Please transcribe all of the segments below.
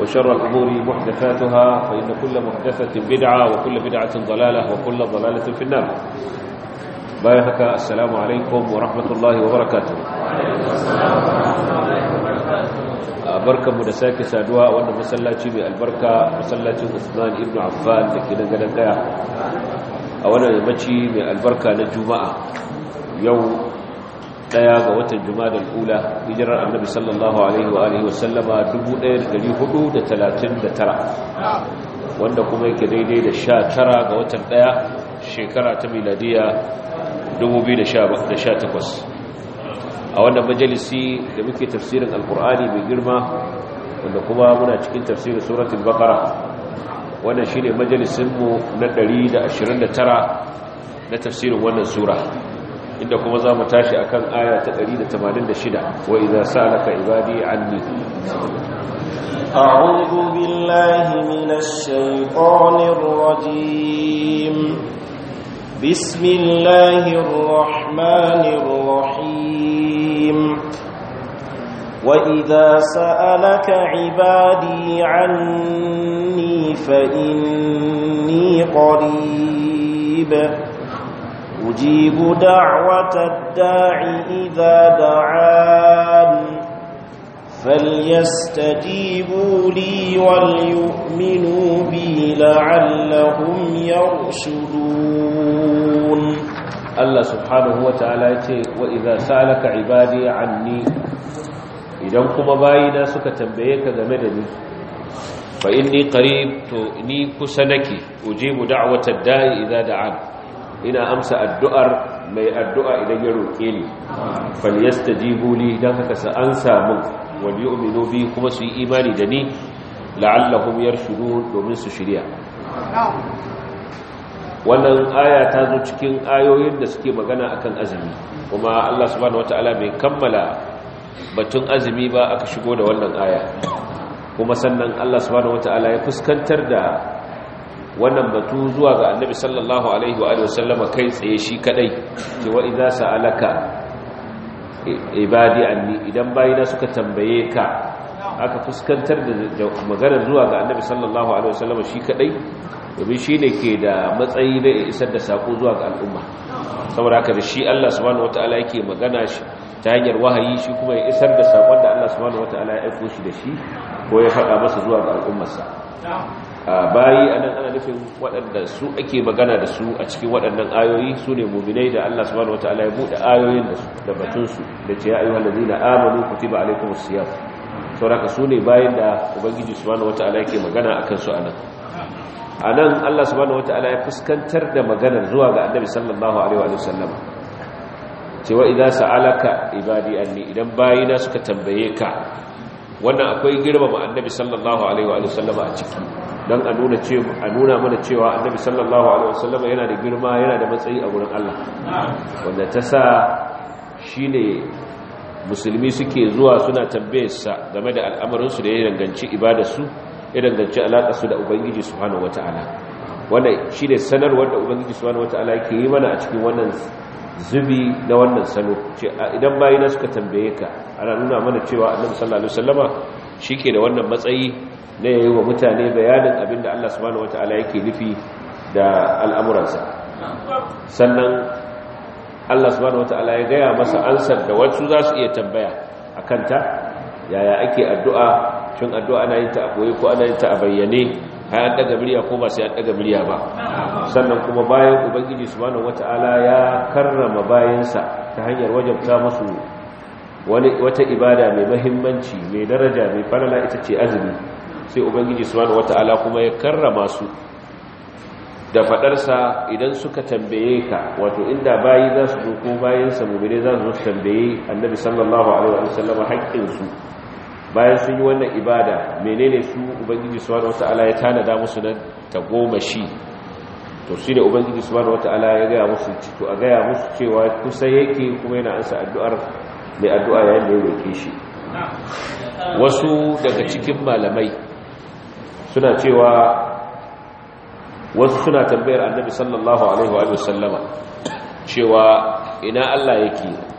وشر الأمور محدثاتها فإن كل محدثة بدعة وكل بدعة ضلالة وكل ضلالة في النار بايهك السلام عليكم ورحمة الله وبركاته بركة مدساك سادواء وأن مسلاتي بالبركة البركة مسلاتي عثمان ابن عفان لكي نزل الداع أولا يمشي من البركة للجمعة يوم daya ga watan jumadal ula hijirar annabi sallallahu alaihi wa alihi wasallama 1439 wanda kuma yake daidai da 19 ga watan daya shekara ta miladiya 2018 a wannan majalisi da muke tafsirin alkur'ani mai girma wanda kuma muna cikin tafsirin suratul baqara wannan shine majalisinmu na 129 na tafsirin wannan sura inda kuma za mu tashi a kan aya ta 186 wa iza sa'alaka ibadi anni a'udhu billahi minash shaitanir rajim bismillahir rahmanir rahim wa وَإِذَا ibadi anni fa inni qareeb أجيب دعوة الداع إذا دعان فليستجيبوا لي وليؤمنوا بي لعلهم يرشدون الله سبحانه وتعالى وإذا سألك عبادي عني idan kuma bayina suka tambaye ka game da ni fa inni qarib to ni kusa nake ujibu da'watad da'i idza da'an ina amsa addu'ar mai addu'a idan ya roƙe ni ji jibuli don haka sa an samu wani ominu kuma su yi imani da ni la’allahun yar shudu domin su shirya wannan aya ta zo cikin ayoyin da suke magana akan azumi kuma allah subhanahu wata'ala mai kammala batun azumi ba aka shigo da wannan aya kuma sannan allah subhanahu wata'ala ya fuskantar da wannan batu zuwa ga annabi sallallahu alaihi wa sallama kai tsaye shi kadai cewa idza sa'alaka ibadi anni idan bayina suka tambaye ka aka fuskantar da maganar zuwa ga annabi sallallahu alaihi wa sallama shi kadai domin shine ke da matsayi da isar da sako zuwa ga al'umma saboda haka da shi Allah subhanahu wataala yake magana shi ta hanyar wahayi shi kuma ya isar da sakon da Allah subhanahu wataala ya aiko shi da shi ko ya faɗa masa zuwa ga al'ummarsa a bayi anan ana nufin waɗanda su ake magana da su a cikin waɗannan ayoyi su ne muminai da Allah subhanahu wataala ya buɗe ayoyin da da batun su da ce ya ayyuhal ladina amanu kutiba alaykumus siyam sauraka su ne bayin da ubangiji subhanahu wataala yake magana akan su anan anan Allah subhanahu wataala ya fuskantar da maganar zuwa ga Annabi sallallahu alaihi wa sallam cewa idza sa'alaka ibadi anni idan bayina suka tambaye ka wannan akwai girmama annabi sallallahu alaihi wa sallama a ciki don a nuna a nuna mana cewa annabi sallallahu alaihi wa sallama yana da girma yana da matsayi a wurin Allah wanda ta sa shine musulmi suke zuwa suna tambayarsa game da al'amarinsu da ya danganci ibadarsu ya danganci su da ubangiji subhanahu wata'ala wanda shi ne sanarwar da ubangiji subhanahu wata'ala ke yi mana a cikin wannan zubi na wannan salo idan na suka tambaye ka ana nuna mana cewa annabi sallallahu alaihi wasallama shike da wannan matsayi na yayi wa mutane bayanin abinda Allah subhanahu wataala yake nufi da al'amuransa sannan Allah subhanahu wataala ya gaya masa ansar da wasu za su iya tambaya akan ta yaya ake addu'a shin addu'a ana yin ta a koyi ko ana yin ta a bayyane kayan daga murya ko ba sai an daga murya ba sannan kuma bayan ubangiji subhanahu wata'ala ya karrama bayansa ta hanyar wajabta musu wata ibada mai mahimmanci mai daraja mai falala ita ce azumi sai ubangiji subhanahu wata'ala kuma ya karrama su da fadarsa idan suka tambaye ka wato inda bayi za su zo ko bayansa mubire za su zo tambaye annabi sallallahu alaihi wa sallam haƙƙinsu bayan sun yi wannan ibada menene su ubangiji subhanahu wata'ala ya tanada musu nan ta goma shi to shi ne ubangiji subhanahu wata'ala ya gaya musu to a gaya musu cewa kusa yake kuma yana ansa addu'ar mai addu'a yayin da ya roke shi wasu daga cikin malamai suna cewa wasu suna tambayar annabi sallallahu alaihi wa sallama cewa ina Allah yake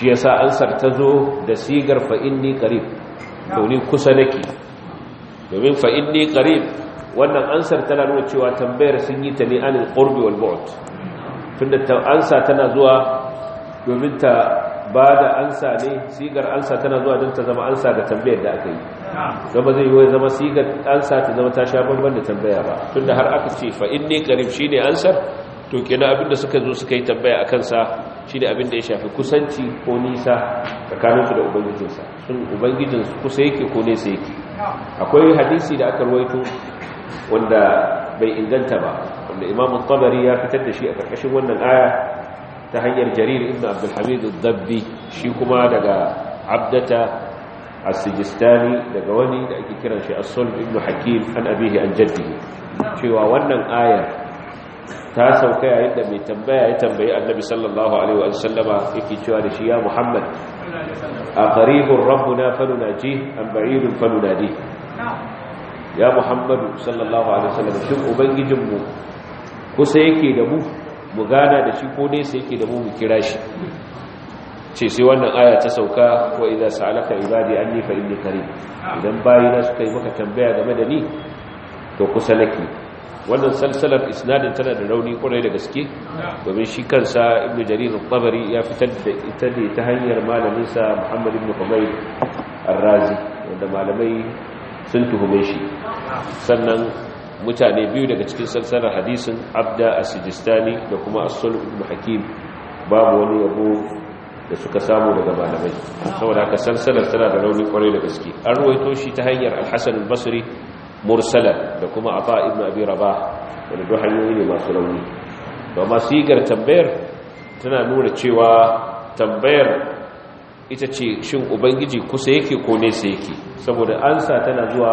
shi sa ansar ta zo da sigar fa inni qarib to ni kusa nake domin fa inni qarib wannan ansar tana nuna cewa tambayar sun yi ta ne anil qurbi wal bu'd tunda ansa tana zuwa domin ta ba da ansa ne sigar ansa tana zuwa don ta zama ansa ga tambayar da aka yi zama zai yi zama sigar ansa ta zama ta sha banban da tambaya ba tunda har aka ce fa in ne shi ne ansar to kenan abinda suka zo suka yi tambaya a kansa shi da abin da ya shafi kusanci ko nisa tsakaninsu da ubangijinsa sun ubangijinsu kusa yake ko nesa yake akwai hadisi da aka ruwaito wanda bai inganta ba wanda imamun tabari ya fitar da shi a ƙarƙashin wannan aya ta hanyar jarir ibn abdulhamid dabbi shi kuma daga abdata as-sijistani daga wani da ake kiran shi as Sol ibn hakim an abihi an jaddi cewa wannan ayar ta sauka yayin da mai tambaya ya tambayi annabi sallallahu alaihi wa sallama yake cewa da shi ya muhammad a rabbuna falunaji an ba'idun falunadi ya muhammadu sallallahu alaihi wa sallam shin ubangijinmu kusa yake da mu mu gana da shi ko nesa yake da mu mu kira shi ce sai wannan aya ta sauka wa idza sa'alaka ibadi anni fa inni qarib idan bayina suka yi maka tambaya game da ni to kusa nake wannan salsalar isnadin tana da rauni kwarai da gaske domin shi kansa ibnu jarir al-tabari ya fitar da ita ne ta hanyar malamin sa muhammad ibn humayr ar-razi wanda malamai sun tuhume shi sannan mutane biyu daga cikin salsalar hadisin abda as-sijistani da kuma as-sulh ibn hakim babu wani yabo da suka samu daga malamai saboda haka salsalar tana da rauni kwarai da gaske an ruwaito shi ta hanyar al-hasan al-basri Mursala da kuma ata Ibnu abi rabah wani duk hanyoyi ne masu rauni yi gar tambayar tana nuna cewa tambayar ita ce shin ubangiji kusa yake ko nesa yake saboda ansa tana zuwa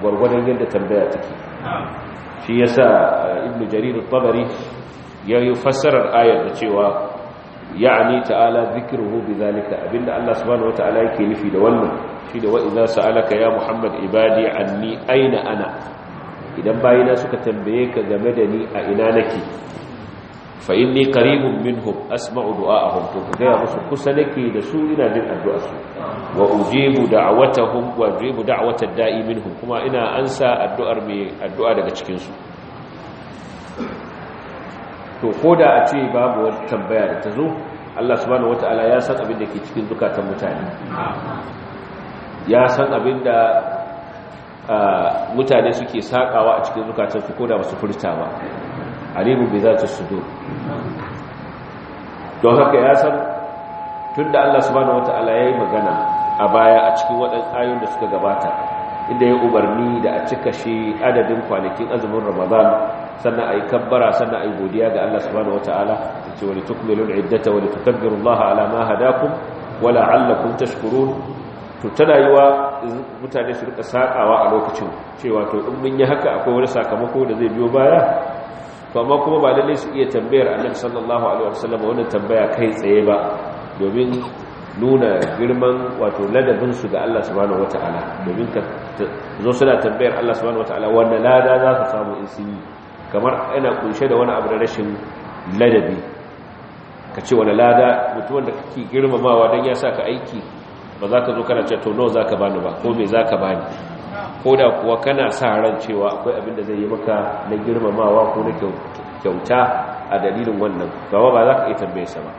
gwargwadon yadda tambaya take shi yasa eh, ibn jarir al-tabari ya yi fassarar ayar da cewa ya'ani ta'ala zikruhu bi zalika abinda Allah subhanahu ta'ala yake nufi da wannan da wa su sa'alaka ya muhammad ibadi anni aina ana idan bayina suka tambaye ka game da ni a ina nake fa inni qaribun minhum asma'u du'a'ahum to kaga musu kusa nake da su ina jin addu'ar su wa ujibu da'watahum wa ujibu da'i minhum kuma ina ansa addu'ar mai addu'a daga cikin su to koda a ce babu wata tambaya da ta zo Allah subhanahu wataala ya san abin da ke cikin zukatan mutane ya san abin da mutane suke sakawa a cikin zukatansu ko da ba furta ba alimun bai za ta sudo don haka ya san tun da allah wata ala ya yi magana a baya a cikin waɗansu ayun da suka gabata inda ya umarni da a cika shi adadin kwanakin azumin ramadan sannan a yi kabbara sannan a yi godiya ga allah wata ala ce wani tukmilun iddata wani tutabbirullaha ala ma hadakum wala tashkurun to tana yi wa mutane su rika sakawa a lokacin cewa to in mun yi haka akwai wani sakamako da zai biyo baya to amma kuma ba lalle su iya tambayar annabi sallallahu alaihi wasallam wannan tambaya kai tsaye ba domin nuna girman wato ladabin su ga Allah subhanahu wataala domin ka zo suna tambayar Allah subhanahu wataala wanda lada za ka samu in sun yi kamar ina kunshe da wani abu da rashin ladabi ka ce wani lada mutuwan da kake girmamawa don ya sa ka aiki ba za ka zo kana ce to nawa za ka bani ba ko me za ka bani ko da kuwa kana sa ran cewa akwai abin da zai yi maka na girmamawa ko na kyauta a dalilin wannan ba ba za ka iya tambaye sa ba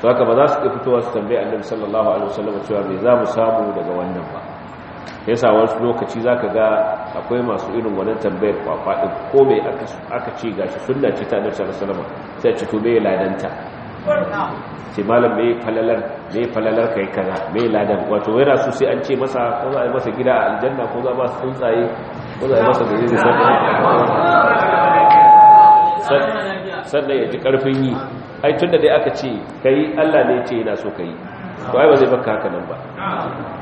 to haka ba za su iya fitowa su tambaye annabi sallallahu alaihi wasallam cewa mai za mu samu daga wannan ba yasa wasu lokaci za ka ga akwai masu irin wannan tambayar kwakwa ɗin ko mai aka ce gashi sunna ce ta annabi sallallahu alaihi wasallam sai ce to me ladanta ce malam mai falalar mai falalar kai kaza mai ladan wato yana so sai an ce masa ko za a yi masa gida a aljanna ko za a su tsuntsaye ko za a yi masa gari da sannan sannan ya ji karfin yi ai tun da dai aka ce kai Allah ne ya ce yana so ka to ai ba zai baka haka nan ba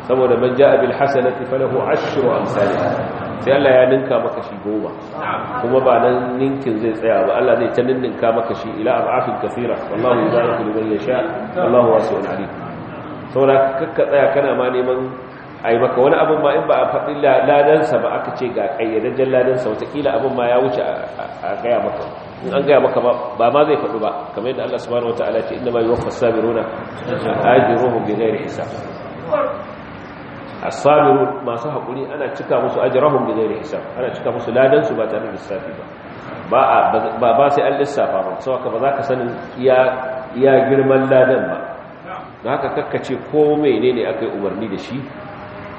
saboda man ja'a bil hasanati falahu ashru amsalha sai Allah ya ninka maka shi goma kuma ba nan ninkin zai tsaya ba Allah zai ta ninka maka shi ila ab'afin kaseera wallahu yuzariku liman yasha wallahu wasi'un alim saboda kakka tsaya kana ma neman a yi maka wani abin ma in ba a faɗi ladansa ba aka ce ga ƙayyadajjen ladansa watakila abin ma ya wuce a gaya maka in an gaya maka ba ma zai faɗi ba kamar yadda Allah subhanahu wataala ce inda ma yi wafa sabiruna ajruhum bi ghairi hisab A sabiru masu haƙuri ana cika musu ajruhum bi ghairi hisab ana cika musu ladansu ba tare da lissafi ba ba ba sai an lissafa ba saboda ba za ka sanin iya girman ladan ba da haka kakkace ko menene aka yi umarni da shi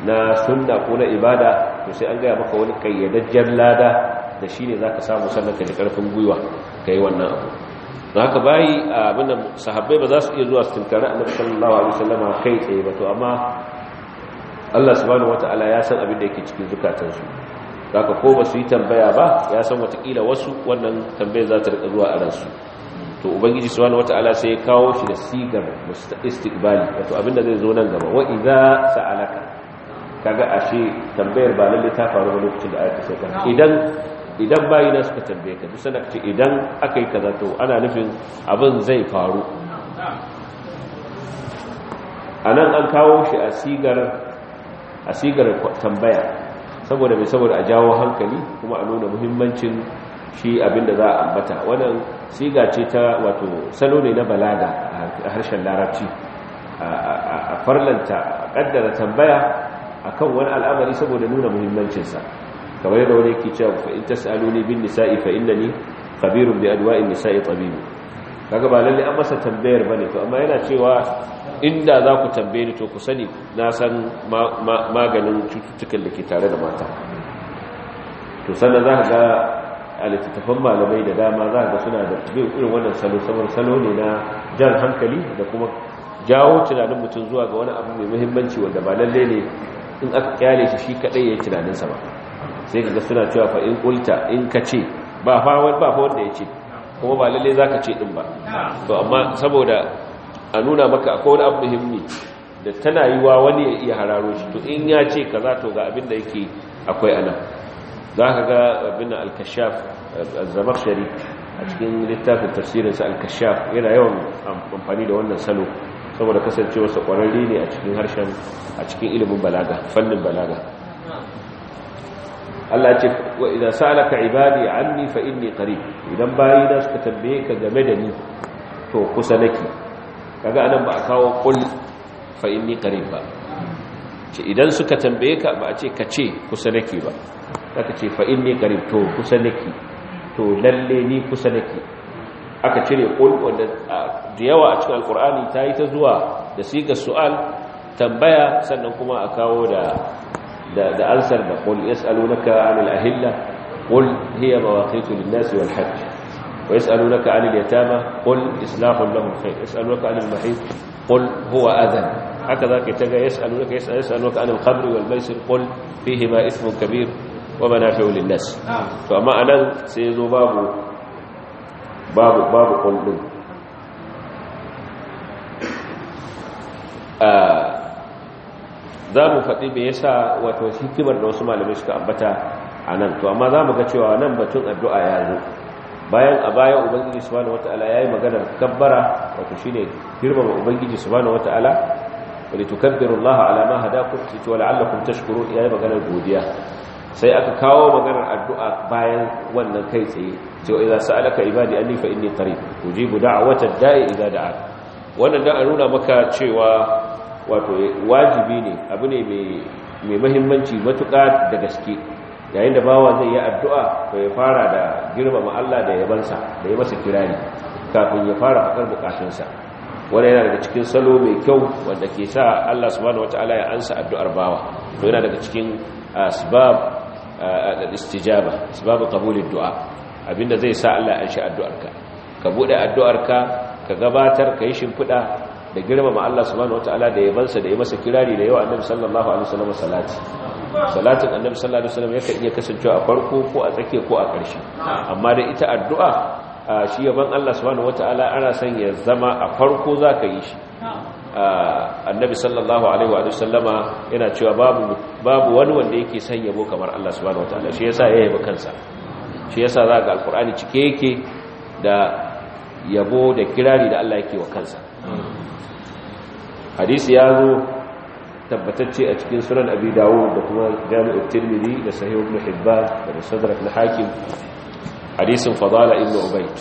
na sunna ko na ibada to sai an gaya maka wani kayyadajjen lada da shi ne za ka samu sannan da karfin gwiwa ka wannan abu don haka bai abin da sahabbai ba za su iya zuwa su tunkari annabi sallallahu alaihi wasallam kai tsaye ba to amma Allah subhanahu wataala ya san abin da yake cikin zukatansu zaka ko ba su yi tambaya ba ya san watakila wasu wannan tambayar za ta rika zuwa a su to ubangiji subhanahu wataala sai ya kawo shi da sigar mustaqbali wato abin da zai zo nan gaba wa idza sa'alaka kaga ashe tambayar ba lalle ta faru ba lokacin da aka sauka idan idan bayi na suka tambaye ka duk sanar ce idan aka yi kaza to ana nufin abin zai faru a nan an kawo shi a sigar tambaya saboda mai saboda a jawo hankali kuma a nuna muhimmancin shi abinda za a ambata wannan siga ce ta wato salo ne na balaga a harshen larabci a farlanta a kaddara tambaya akan wani al'amari saboda nuna muhimmancinsa kamar yadda wani yake cewa fa in tas'aluni bin nisa'i fa innani khabirun bi adwa'i nisa'i tabib kaga ba lalle an masa tambayar bane to amma yana cewa inda za ku tambaye ni to ku sani na san maganin cututtukan da ke tare da mata to sannan za ka ga a littattafan malamai da dama za ga suna da irin wannan salo saboda salo ne na jan hankali da kuma jawo tunanin mutum zuwa ga wani abu mai muhimmanci wanda ba lalle ne in aka kyale shi shi kadai yi tunaninsa ba sai kaga suna cewa fa in kulta in ka ce ba fa fa wanda ya ce kuma ba lalle zaka ce din ba to amma saboda a nuna maka akwai wani abu muhimmi da tana yiwa wani ya iya hararo shi to in ya ce kaza to ga abin da yake akwai ana zaka ga abin al-kashaf az-zamakhshari a cikin littafin tafsirinsa al-kashaf yana yawan amfani da wannan salo saboda kasancewarsa kwararre ne a cikin harshen a cikin ilimin balaga fannin balaga Allah ce wa idan sa'alaka ibadi anni fa inni qarib idan bayi da suka tambaye ka game da ni to kusa nake kaga anan ba a kawo qul fa inni qarib ba ce idan suka tambaye ka ba a ce ka ce kusa nake ba zaka ce fa inni qarib to kusa nake to lalle ni kusa nake aka cire kul wanda da yawa a cikin alkur'ani ta yi ta zuwa da siga su'al tambaya sannan kuma a kawo da da ansar da kul yas'alunaka anil ahilla kul hiya mawaqitu lin-nas wal hajj wa yas'alunaka anil yatama kul islahun lahum khair yas'alunaka anil mahid kul huwa adhan hakaza kai taga yas'alunaka yas'alunaka anil qabr wal maisir kul fihi ma ismun kabir wa manafi'u lin-nas to amma anan sai zo babu babu babu a za mu faɗi me yasa wato hikimar da wasu malamai suka ambata a nan to amma za mu ga cewa nan batun addu'a ya zo bayan a baya ubangiji su wata wata'ala ya yi maganar kabbara wato shine girmama ubangiji su subhanahu wata'ala wa litukabbiru allaha ala ma hadakum wa la'allakum tashkuru ya yi maganar godiya sai aka kawo maganar addu'a bayan wannan kai tsaye cewa idan sa'alaka ibadi an nifa inni guda a wata da'i idza da'a wannan da nuna maka cewa wato wajibi ne abu ne mai mahimmanci matuka da gaske yayin da bawa zai yi addu'a to ya fara da girmama Allah da yabansa da ya masa kirari kafin ya fara fakar buƙatunsa wani yana daga cikin salo mai kyau wanda ke sa Allah subhanahu wataala ya ansa addu'ar bawa to yana daga cikin asbab al-istijaba sababu qabulid du'a abinda zai sa Allah ya shi addu'arka ka bude addu'arka ka gabatar ka yi shimfiɗa da girmama Allah subhanahu wataala da yabansa da yi masa kirari da yawa annabi sallallahu alaihi wasallam salati salatin annabi sallallahu alaihi wasallam yakan iya kasancewa a farko ko a tsake ko a ƙarshe amma da ita addu'a shi yaban Allah subhanahu wataala ana son ya zama a farko zaka yi shi annabi sallallahu alaihi wa sallama yana cewa babu babu wani wanda yake son yabo kamar Allah subhanahu wataala shi yasa ya yabo kansa shi yasa za ga alkur'ani cike yake da yabo da kirari da Allah yake wa kansa hadisi ya zo tabbatacce a cikin sunan abi dawud da kuma jami'ut tirmidhi da sahih ibn hibban da musaddarak na hakim hadisin fadala ibn ubayd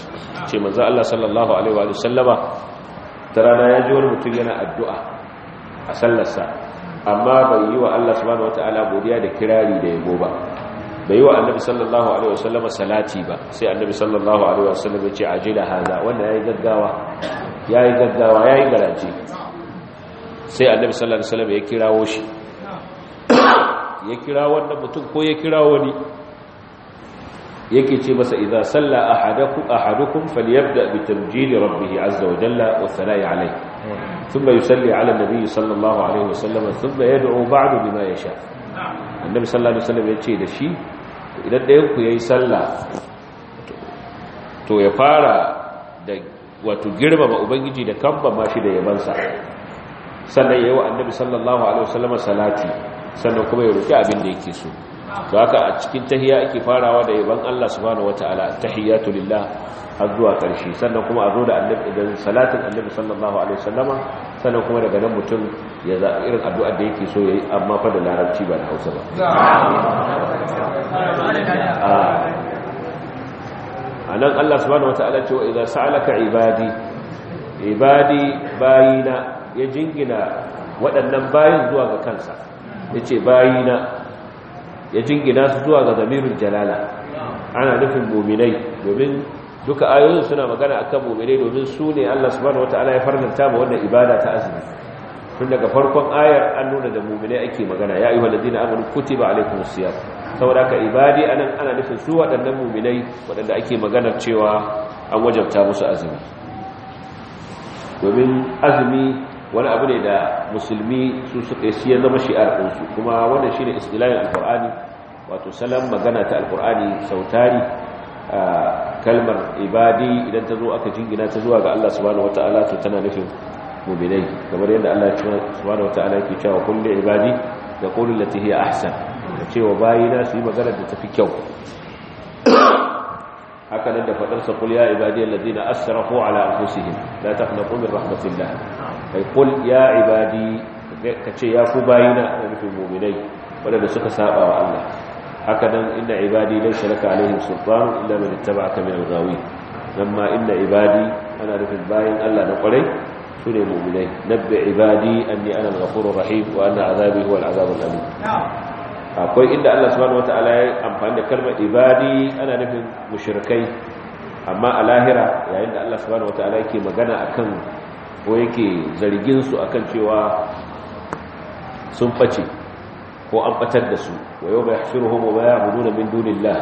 ce manzo Allah sallallahu alaihi wa sallama ta rana ya ji wani mutum yana addu'a a sallarsa amma bai yi wa Allah subhanahu ta'ala godiya da kirari da ya ba bai yi wa annabi sallallahu alaihi wasallam salati ba sai annabi sallallahu alaihi wasallam ya ce ajila haza wanda ya yi gaggawa ya yi gaggawa ya yi garaje sai annabi sallallahu alaihi wasallam ya kirawo shi ya kira wannan mutum ko ya kira wani yake ce masa idza salla ahadukum ahadukum falyabda bi tamjid rabbih azza wa jalla wa salai alayhi thumma yusalli ala nabiy sallallahu alaihi wasallam thumma yad'u ba'du bima yasha annabi sallallahu alaihi wasallam yace da shi idan dayan ku yayi sallah to ya fara da wato girmama ubangiji da kambama shi da yabansa sannan yayi wa annabi sallallahu wa wasallam salati sannan kuma ya roki abin da yake so to haka a cikin tahiyya ake farawa da yaban Allah subhanahu wataala tahiyatu lillah har zuwa ƙarshe sannan kuma a zo da annabi idan salatin annabi sallallahu alaihi wasallama sannan kuma daga nan mutum ya za irin addu'a da yake so yayi amma fa da larabci ba da Hausa ba anan Allah subhanahu wataala ce wa idza sa'alaka ibadi ibadi bayina ya jingina waɗannan bayin zuwa ga kansa yace bayina ya jingina su zuwa ga zamirin jalala ana nufin muminai domin duka ayoyin suna magana akan muminai domin su ne Allah subhanahu ala ya farlanta ma wannan ibada ta azumi tun daga farkon ayar an nuna da muminai ake magana ya yi ayyuhal ladina amanu kutiba alaykumus siya saboda ka ibadi a nan ana nufin su waɗannan muminai waɗanda ake magana cewa an wajabta musu azumi domin azumi wani abu ne da musulmi su suka yi ya zama shi'ar ɗinsu kuma wannan shi ne istilayin alkur'ani wato salon magana ta alkur'ani sautari kalmar ibadi idan ta zo aka jingina ta zuwa ga Allah subhanahu wata'ala to tana nufin mu'minai kamar yadda Allah subhanahu wata'ala ke cewa kulle ibadi da qulu lati hiya ahsan cewa bayina su yi magana da tafi kyau haka nan da faɗarsa sa ya ibadi allazina asrafu ala anfusihim la na min rahmatillah kai kul ya ibadi ka ce ya ku bayina da nufin muminai waɗanda suka saba wa Allah haka nan inna ibadi dan sharaka alaihim sultan illa littaba ittaba'aka min al-ghawi ma inna ibadi ana nufin bayan Allah na kwarai su ne muminai nabbi ibadi an anni ana al-ghafurur rahim wa anna azabi huwa al-azab akwai inda Allah subhanahu wataala ya amfani da kalmar ibadi ana nufin mushrikai amma a lahira yayin da Allah subhanahu wataala yake magana akan ko yake zargin su akan cewa sun face ko an batar da su wa yau bai shiruhum wa bai abudu min la,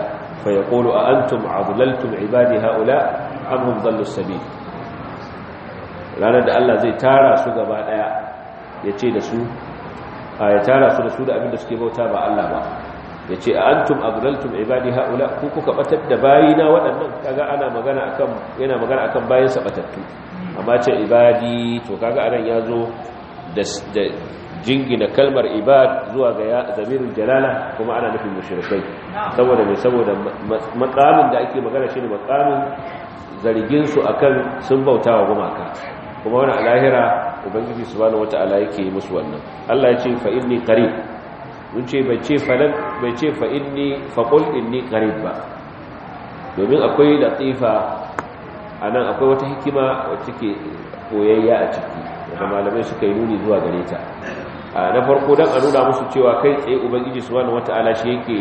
fa yaqulu a antum adlaltum ibadi haula an hum dhallu sabil ranar da Allah zai tara su gaba daya ce da su a ya tara su da su da abin da suke bauta ba Allah ba ya ce antum abdaltum ibadi haula ku kuka batar da bayina waɗannan kaga ana magana akan yana magana akan bayin sa batattu amma ce ibadi to kaga anan ya zo da jingina kalmar ibad zuwa ga zamirin jalala kuma ana nufin mushrikai saboda me saboda makamin da ake magana ne makamin zargin su akan sun bauta wa gumaka kuma wani alahira ubangiji subhanahu wataala yake musu wannan Allah ya ce fa inni qarib mun ce bai ce falan bai ce fa inni fa qul inni qarib ba domin akwai latifa anan akwai wata hikima wacce ke koyayya a ciki da malamai suka yi nuni zuwa gare ta na farko dan a nuna musu cewa kai tsaye ubangiji subhanahu wataala shi yake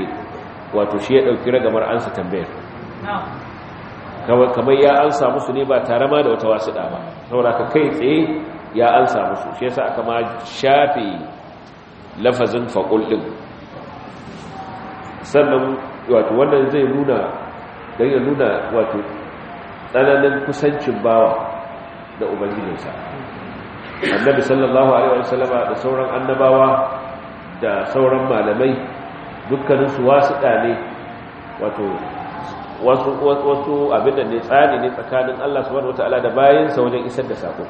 wato shi ya dauki ragamar ansa tambayar kamar ya ansa musu ne ba tare ma da wata wasu ba saboda kai tsaye ya ansa musu shi yasa aka ma shafe lafazin faƙul ɗin sannan wato wannan zai nuna don ya nuna wato tsananin kusancin bawa da ubangijinsa annabi sallallahu alaihi wasallama da sauran annabawa da sauran malamai dukkaninsu wasu ɗane wato wasu wasu abinda ne tsani ne tsakanin Allah subhanahu wataala da bayansa wajen isar da sako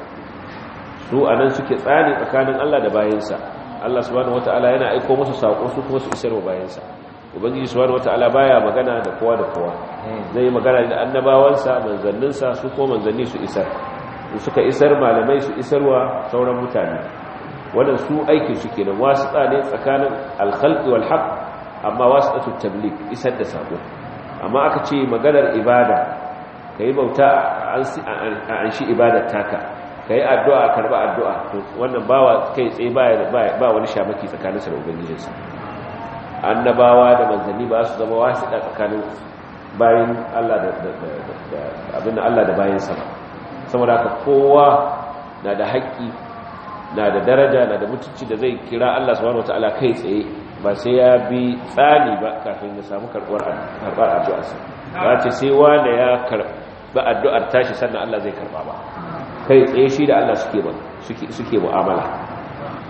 su anan suke tsani tsakanin Allah da bayansa Allah subhanahu wataala yana aiko musu sako su kuma su isarwa bayansa ubangiji subhanahu wataala baya magana da kowa da kowa zai magana da annabawansa manzanninsa su kuma manzanni su isar suka isar malamai su isarwa sauran mutane wannan su aiki su kenan wasu ne tsakanin alkhalqi wal haqq amma wasiqatu tabligh isar da sako amma aka ce maganar ibada yi bauta an shi ibadar taka ka yi addu'a a karɓa addu'a wannan bawa kai tsaye ba wani shamaki sa da ubangijinsa annabawa da manzanni ba su zama wasu da tsakanin bayan allah da abin allah da bayansa ba saboda haka kowa na da haƙƙi na da daraja na da mutunci da zai kira allah su wata ala kai tsaye ba sai ya bi tsani ba kafin ya samu karɓar addu'arsa ba ce sai wanda ya karɓi addu'ar tashi sannan allah zai karɓa ba kai tsaye shi da Allah suke suke suke mu'amala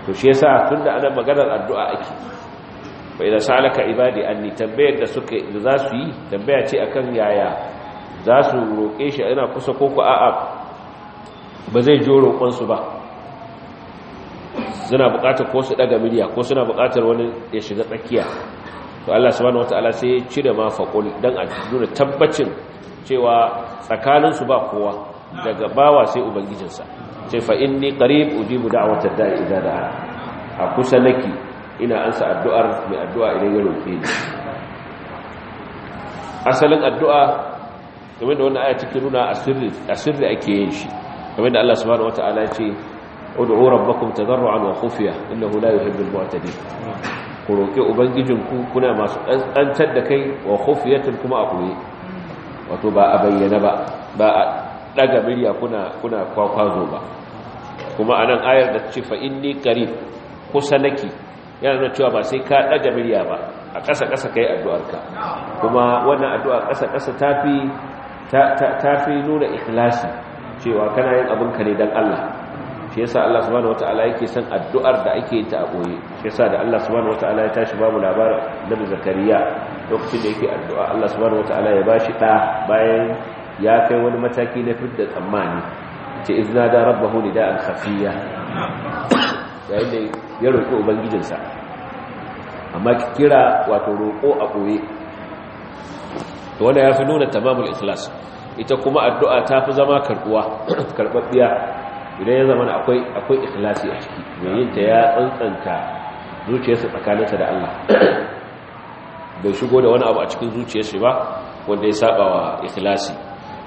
to shi yasa tunda ana maganar addu'a ake fa idza salaka ibadi anni tambayar da suke da za su yi tambaya ce akan yaya za su roƙe shi ina kusa ko ku a'a ba zai jo roƙon su ba suna buƙatar ko su daga miliya ko suna buƙatar wani ya shiga tsakiya to Allah subhanahu wataala sai ya cire ma faqul dan a nuna tabbacin cewa tsakanin su ba kowa daga bawa sai ubangijinsa sai fa inni qarib ujibu da'watad da'i da da'a a kusa ina ansa addu'ar mai addu'a idan ya roke ni asalin addu'a game da wannan aya cikin runa asirri asirri ake yin shi game da Allah subhanahu wataala ya ce ud'u rabbakum tadarruan wa khufiya innahu la yuhibbul mu'tadin ku roke ubangijinku kuna masu ƙantar da kai wa khufiyatun kuma a koye wato ba a bayyana ba ba daga murya kuna kuna kwakwazo ba kuma anan ayar da ce fa inni qarib kusa naki yana nuna cewa ba sai ka daga murya ba a ƙasa ƙasa kai addu'arka kuma wannan addu'a ƙasa ƙasa tafi tafi nuna ikhlasi cewa kana yin abin ka ne dan Allah shi yasa Allah subhanahu wataala yake son addu'ar da ake ta a shi yasa da Allah subhanahu wataala ya tashi babu labarin Nabi Zakariya lokacin da yake addu'a Allah subhanahu wataala ya bashi da bayan ya kai wani mataki na fidda tsammani ce izina da da an kafiya yayin da ya roƙo ubangijinsa amma kira wato roƙo a ɓoye da wanda ya fi nuna tamamul islas ita kuma addu'a ta fi zama karɓuwa karɓaɓɓiya idan ya zama akwai akwai a ciki mai yin ta ya tsantsanta zuciyarsa tsakaninsa da Allah bai shigo da wani abu a cikin zuciyarsa ba wanda ya saba wa ikhlasi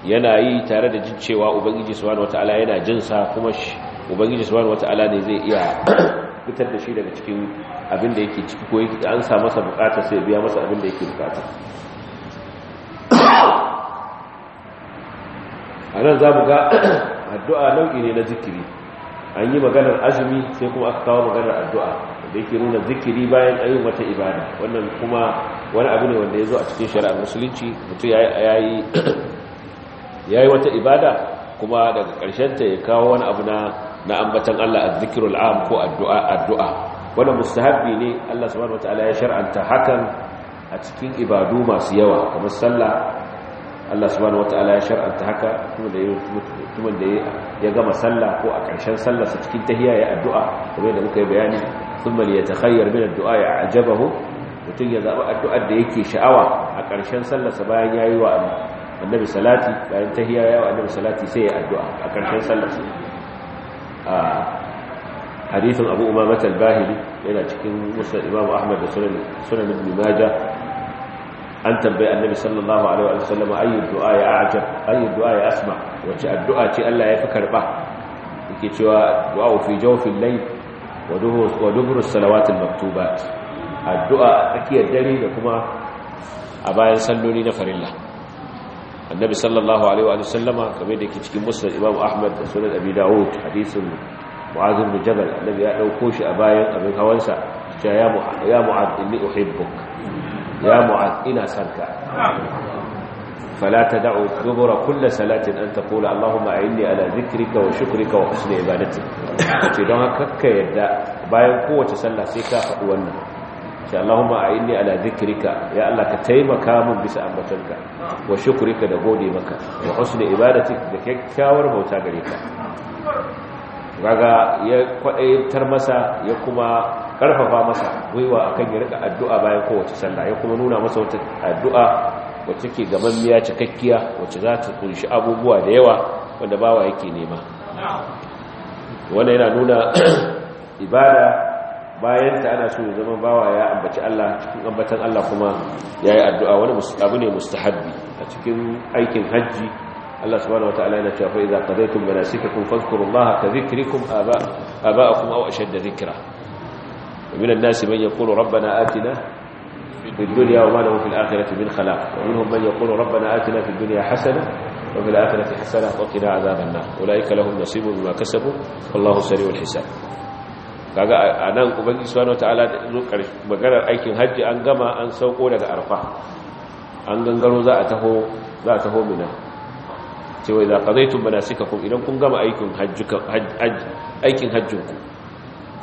yana yi tare da jin cewa ubangiji subhanahu wataala yana jin sa kuma ubangiji subhanahu wataala ne zai iya fitar da shi daga cikin abin da yake ciki ko yake an sa masa bukata sai biya masa abin da yake bukata a nan za mu ga addu'a nau'i ne na zikiri an yi maganar azumi sai kuma aka kawo maganar addu'a da yake nuna zikiri bayan ayyun wata ibada wannan kuma wani abu ne wanda ya zo a cikin shari'ar musulunci mutum ya yi ya yi wata ibada kuma daga ta ya kawo wani abu na ambatan Allah a zikirul am ko addu'a addu'a wanda mustahabbi ne Allah subhanahu wa ta'ala ya shar'anta hakan a cikin ibadu masu yawa kamar sallah Allah subhanahu wa ta'ala ya shar'anta haka mutumin da ya gama sallah ko a ƙarshen sallarsa cikin tahiyya ya addu'a kamar yadda muka yi bayani thumma liyatakhayyar min addu'a ya ajabahu mutum ya zaɓi addu'ar da yake sha'awa a ƙarshen sallarsa bayan ya yi wa annabi salati bayan tahiyya yawa annabi salati sai ya addu'a a karshen sallar sa a hadithin abu umamah al-bahili yana cikin musnad imam ahmad da sunan sunan ibn majah an tambayi annabi sallallahu alaihi wa sallam ayyu du'a ya a'jab ayyu du'a ya asma wace addu'a ce Allah ya fi karba yake cewa du'a fi jawfil layl wa dubru as-salawat al-maktubat addu'a a tsakiyar dare da kuma a bayan salloli na farilla annabi sallallahu alaihi wa sallama kamar da yake cikin musnad imam ahmad da sunan abi dawud hadithun muaz bin annabi ya dauko shi a bayan abin hawan sa ya muaz ya muaz inni uhibbuk ya muaz ina son ka fala tad'u dubura kulli salatin an taqula allahumma a'inni ala zikirika wa shukrika wa husni ibadatik to don haka kai da bayan kowace sallah sai ka faɗi wannan sai Allahumma a'inni ala zikrika ya Allah ka taimaka min bisa ambatanka wa shukrika da gode maka wa husni ibadatika da kyakkyawar bauta gare ka kaga ya kwadaitar masa ya kuma karfafa masa gwiwa akan ya rika addu'a bayan kowace sallah ya kuma nuna masa wata addu'a wacce ke gaban miya cikakkiya wacce za ta kunshi abubuwa da yawa wanda bawa yake nema wannan yana nuna ibada bayan ta ana so zama bawa ya ambaci Allah cikin ambatan Allah kuma ya yi addu'a wani abu ne mustahabbi a cikin aikin hajji Allah subhanahu wataala yana cewa fa idza qadaytum manasikakum fadhkurullaha ka a dhikrikum aba'akum aw ashadda dhikra min an-nasi ya yaqulu rabbana atina fid dunya wa ma lahu fil akhirati min khalaq wa minhum man yaqulu rabbana atina fid dunya hasana wa fil akhirati hasana wa qina adhaban nar ulaika lahum nasibun mimma kasabu wallahu sari'ul hisab kaga a nan ubangi subhanahu wataala da zo maganar aikin hajji an gama an sauko daga arfa an gangaro za a taho za a taho mina cewa idza qadaytum manasikakum idan kun gama aikin hajjuka aikin hajjinku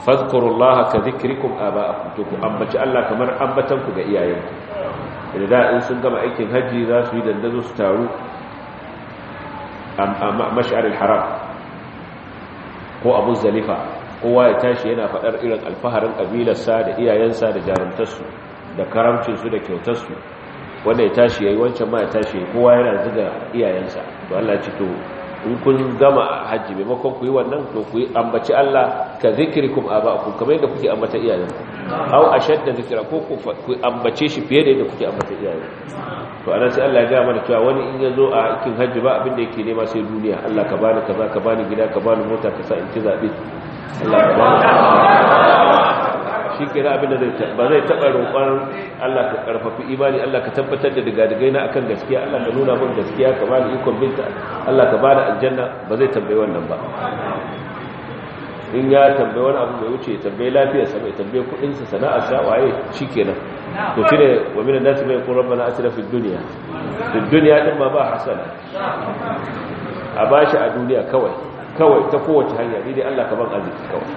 fadhkurullaha ka dhikrikum aba'akum to ku ambaci Allah kamar ambatan ku ga iyayenku idan da in sun gama aikin hajji za su yi dandazo su taru a mash'ar al-haram ko abu zalifa kowa ya tashi yana faɗar irin alfaharin ƙabilarsa da iyayensa da jarumtarsu da karamcinsu da kyautarsu wanda ya tashi ya yi wancan ma ya tashi kowa yana zuga iyayensa to Allah ci to in kun gama hajji maimakon ku yi wannan to ku yi ambaci Allah ka zikirikum ku kamar yadda kuke ambata iyayenku aw ashadda zikira ko ku ambace shi fiye da yadda kuke ambata iyayenku to anan sai Allah ya ga mana cewa wani in yazo a aikin hajji ba abin da yake nema sai duniya Allah ka bani kaza ka bani gida ka bani mota ka sa in ci zabe shi kira abin da zai ba zai taɓa roƙon Allah ka ƙarfafi imani Allah ka tabbatar da digadigai na akan gaskiya Allah ka nuna mun gaskiya ka ba ni ikon binta Allah ka ba da aljanna ba zai tambayi wannan ba in ya tambayi wani abu mai wuce tambayi lafiyarsa mai tambayi kuɗinsa sa waye shi kenan to shi ne wa minan nasu mai kun rabbana asira fi duniya fi duniya din ma ba hasana a bashi a duniya kawai kawai ta kowace hanya ne dai Allah ka ban arziki kawai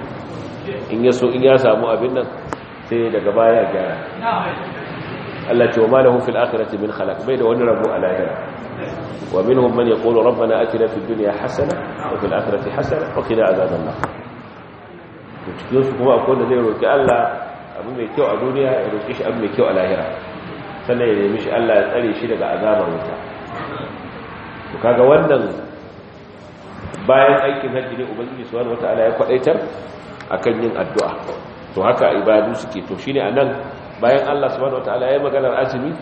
in ya so in ya samu abin nan sai daga baya gyara Allah ce wa ma lahu fil akhirati min khalaq bai da wani rabo a lahira wa minhum man yaqulu rabbana atina fid dunya hasana wa fil akhirati hasana wa qina azaban nar to cikin su kuma akwai da zai roki Allah abu mai kyau a duniya ya roki shi abu mai kyau a lahira sannan ya nemi shi Allah ya tsare shi daga azabar wuta to kaga wannan bayan aikin hajji ne ubangiji subhanahu wataala ya kwadaitar akan yin addu'a to haka ibadu suke to shine anan bayan Allah subhanahu wataala ya maganar azumi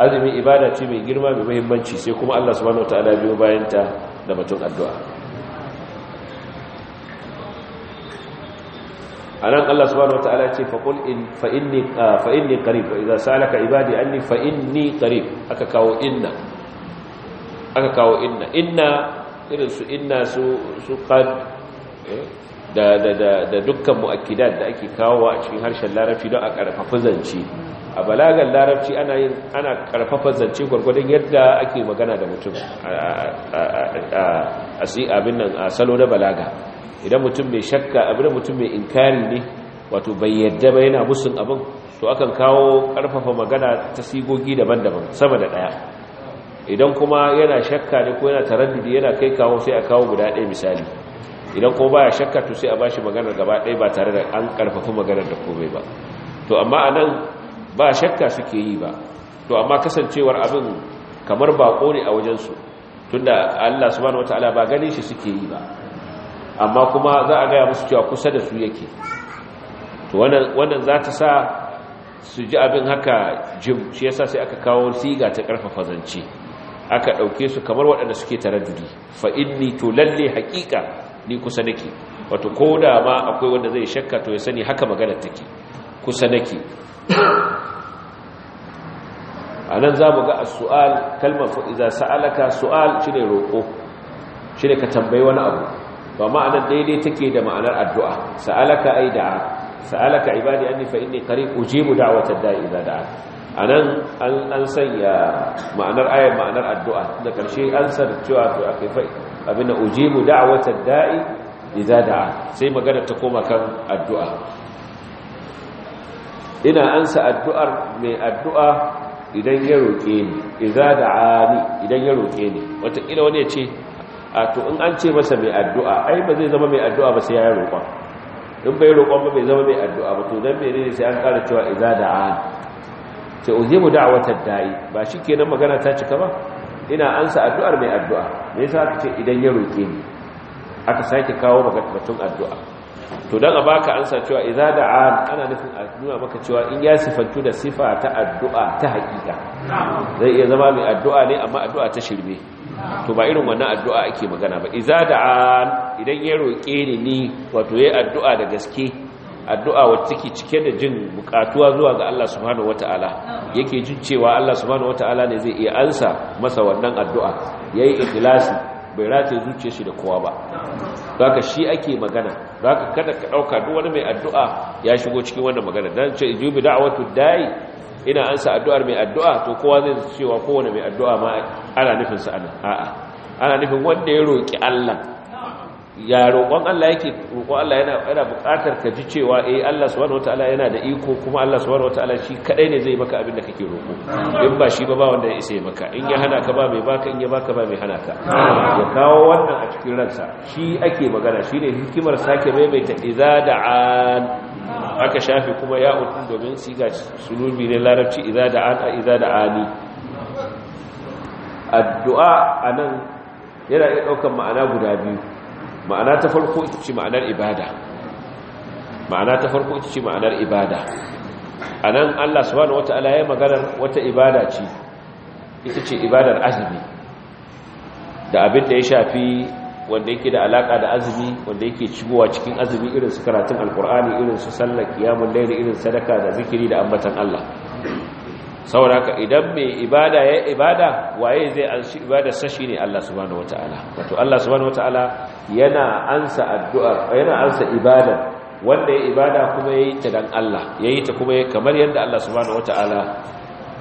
azumi ibada ce mai girma mai muhimmanci sai kuma Allah subhanahu wataala biyo bayan ta da batun addu'a anan Allah subhanahu wataala ce fa qul in fa inni fa inni qarib wa idza salaka ibadi anni fa inni qarib aka kawo inna aka kawo inna inna irin su inna su su qad eh, da da da da dukkan muakkidat da ake kawo a cikin harshen larabci don a karfafa zance a balagan larabci ana yin ana karfafa zance gwargwadon yadda ake magana da mutum a a abin nan a salo na balaga idan mutum mai shakka abin mutum mai inkari ne wato bai yadda ba yana musun abin to akan kawo karfafa magana ta sigogi daban-daban sama da daya idan kuma yana shakka ne ko yana taraddudi yana kai kawo sai a kawo guda ɗaya misali idan ko baya shakka to sai a bashi maganar gaba ɗaya ba tare da an karfafa maganar da komai ba to amma anan ba shakka suke yi ba to amma kasancewar abin kamar bako ne a wajensu tunda Allah subhanahu wataala ba ganin shi suke yi ba amma kuma za a gaya musu cewa kusa da su yake to wannan za ta sa su ji abin haka jim shi yasa sai aka kawo siga ta karfafa zance aka ɗauke su kamar waɗanda suke tare taraddudi fa inni to lalle haƙiƙa ni kusa nake wato ko da ma akwai wanda zai shakka to ya sani haka maganar take kusa nake a nan za mu ga a su'al kalmar fa'iza sa'alaka su'al shi ne roƙo shi ka tambayi wani abu ba ma'anar daidai take da ma'anar addu'a sa'alaka ai da'a sa'alaka ibadi annifa inni qarib ujibu da'watad da'i idza da'a a nan an sanya ma'anar ayar ma'anar addu'a da ƙarshe an cewa to aka fai abin da ujibu da'awatar da'i idza da'a sai magana ta koma kan addu'a ina ansa addu'ar mai addu'a idan ya roƙe ni idza ni idan ya roƙe ni watakila wani ya ce a to in an ce masa mai addu'a ai ba zai zama mai addu'a ba sai ya roƙon in bai roƙon ba bai zama mai addu'a ba to dan ne sai an ƙara cewa idza da'ani ce uzibu da'watar da'i ba shi kenan magana ta cika ba ina ansa addu'ar mai addu'a me yasa aka ce idan ya roke ni aka sake kawo batun addu'a to dan a baka ansa cewa idza da'a ana nufin nuna maka cewa in ya sifantu da sifa ta addu'a ta hakika zai iya zama mai addu'a ne amma addu'a ta shirme to ba irin wannan addu'a ake magana ba idza da'a idan ya roƙe ni wato yayi addu'a da gaske addu'a wacce take cike da jin bukatuwa zuwa ga Allah subhanahu wata'ala yake jin cewa Allah subhanahu wata'ala ne zai iya ansa masa wannan addu'a yayi ikhlasi bai rataye zuciyar shi da kowa ba zaka shi ake magana zaka kada ka dauka duk wani mai addu'a ya shigo cikin wannan magana dan ce ijubi da'watu da'i ina ansa addu'ar mai addu'a to kowa zai cewa kowane mai addu'a ma ana nufin sa a'a ana nufin wanda ya roki Allah ya roƙon Allah yake roƙon Allah yana yana buƙatar ka ji cewa eh Allah subhanahu wataala yana da iko kuma Allah subhanahu wataala shi kadai ne zai maka abin da kake roƙo in ba shi ba ba wanda ya isa maka in ya hana ka ba mai baka in ya baka ba mai hana ka ya kawo wannan a cikin ransa shi ake magana shine hikimar sake maimaita idza da'an aka shafi kuma ya utun domin siga sulubi ne larabci idza da an a idza da ani addu'a anan yana iya daukar ma'ana guda biyu ma'ana ta farko ita ce ma'anar ibada ma'ana ta farko ita ce ma'anar ibada a nan allah subhanahu wata'ala ya maganar wata ibada ce ita ce ibadar azumi da abin da ya shafi wanda yake da alaka da azumi wanda yake cigowa cikin azumi irin su karatun alkur'ani irin su sallar kiyamun lairi irin sadaka da zikiri da ambatan allah saboda haka idan mai ibada ya ibada waye zai anshi ibada sashi ne Allah subhanahu wataala wato Allah subhanahu wataala yana ansa addu'a yana ansa ibada wanda ya ibada kuma yayi ta dan Allah yayi ta kuma kamar yadda Allah subhanahu wataala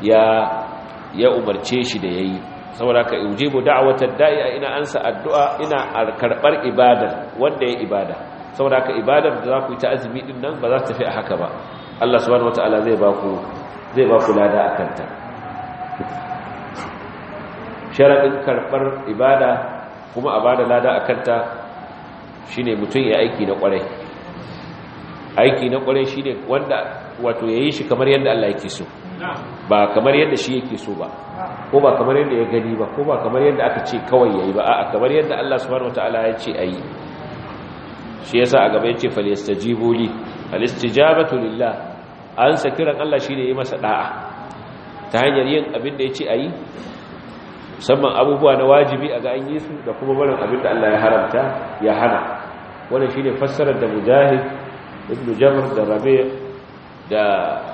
ya ya umarce shi da yayi saboda haka ujibu da'watad da'i ina ansa addu'a ina karbar ibada wanda ya ibada saboda haka ibadar da za ku yi ta azumi din nan ba za ta fi a haka ba Allah subhanahu wataala zai ba ku zai ba ku lada a kanta sharaɗin karɓar ibada kuma a ba da lada a kanta shi ne mutum ya aiki na ƙwarai aiki na ƙwarai shi ne wanda wato ya yi shi kamar yadda Allah yake so ba kamar yadda shi yake so ba ko ba kamar yadda ya gani ba ko ba kamar yadda aka ce kawai ya yi ba a kamar yadda Allah subhanahu wataala ya ce a yi shi ya sa a gaba ya ce falyastajibu li an sa kiran Allah shi ne ya masa da'a ta hanyar yin abin da ya ce a yi musamman abubuwa na wajibi a ga an yi su da kuma barin abin da Allah ya haramta ya hana wannan shi ne fassarar da mujahid ibn jamar da rabe da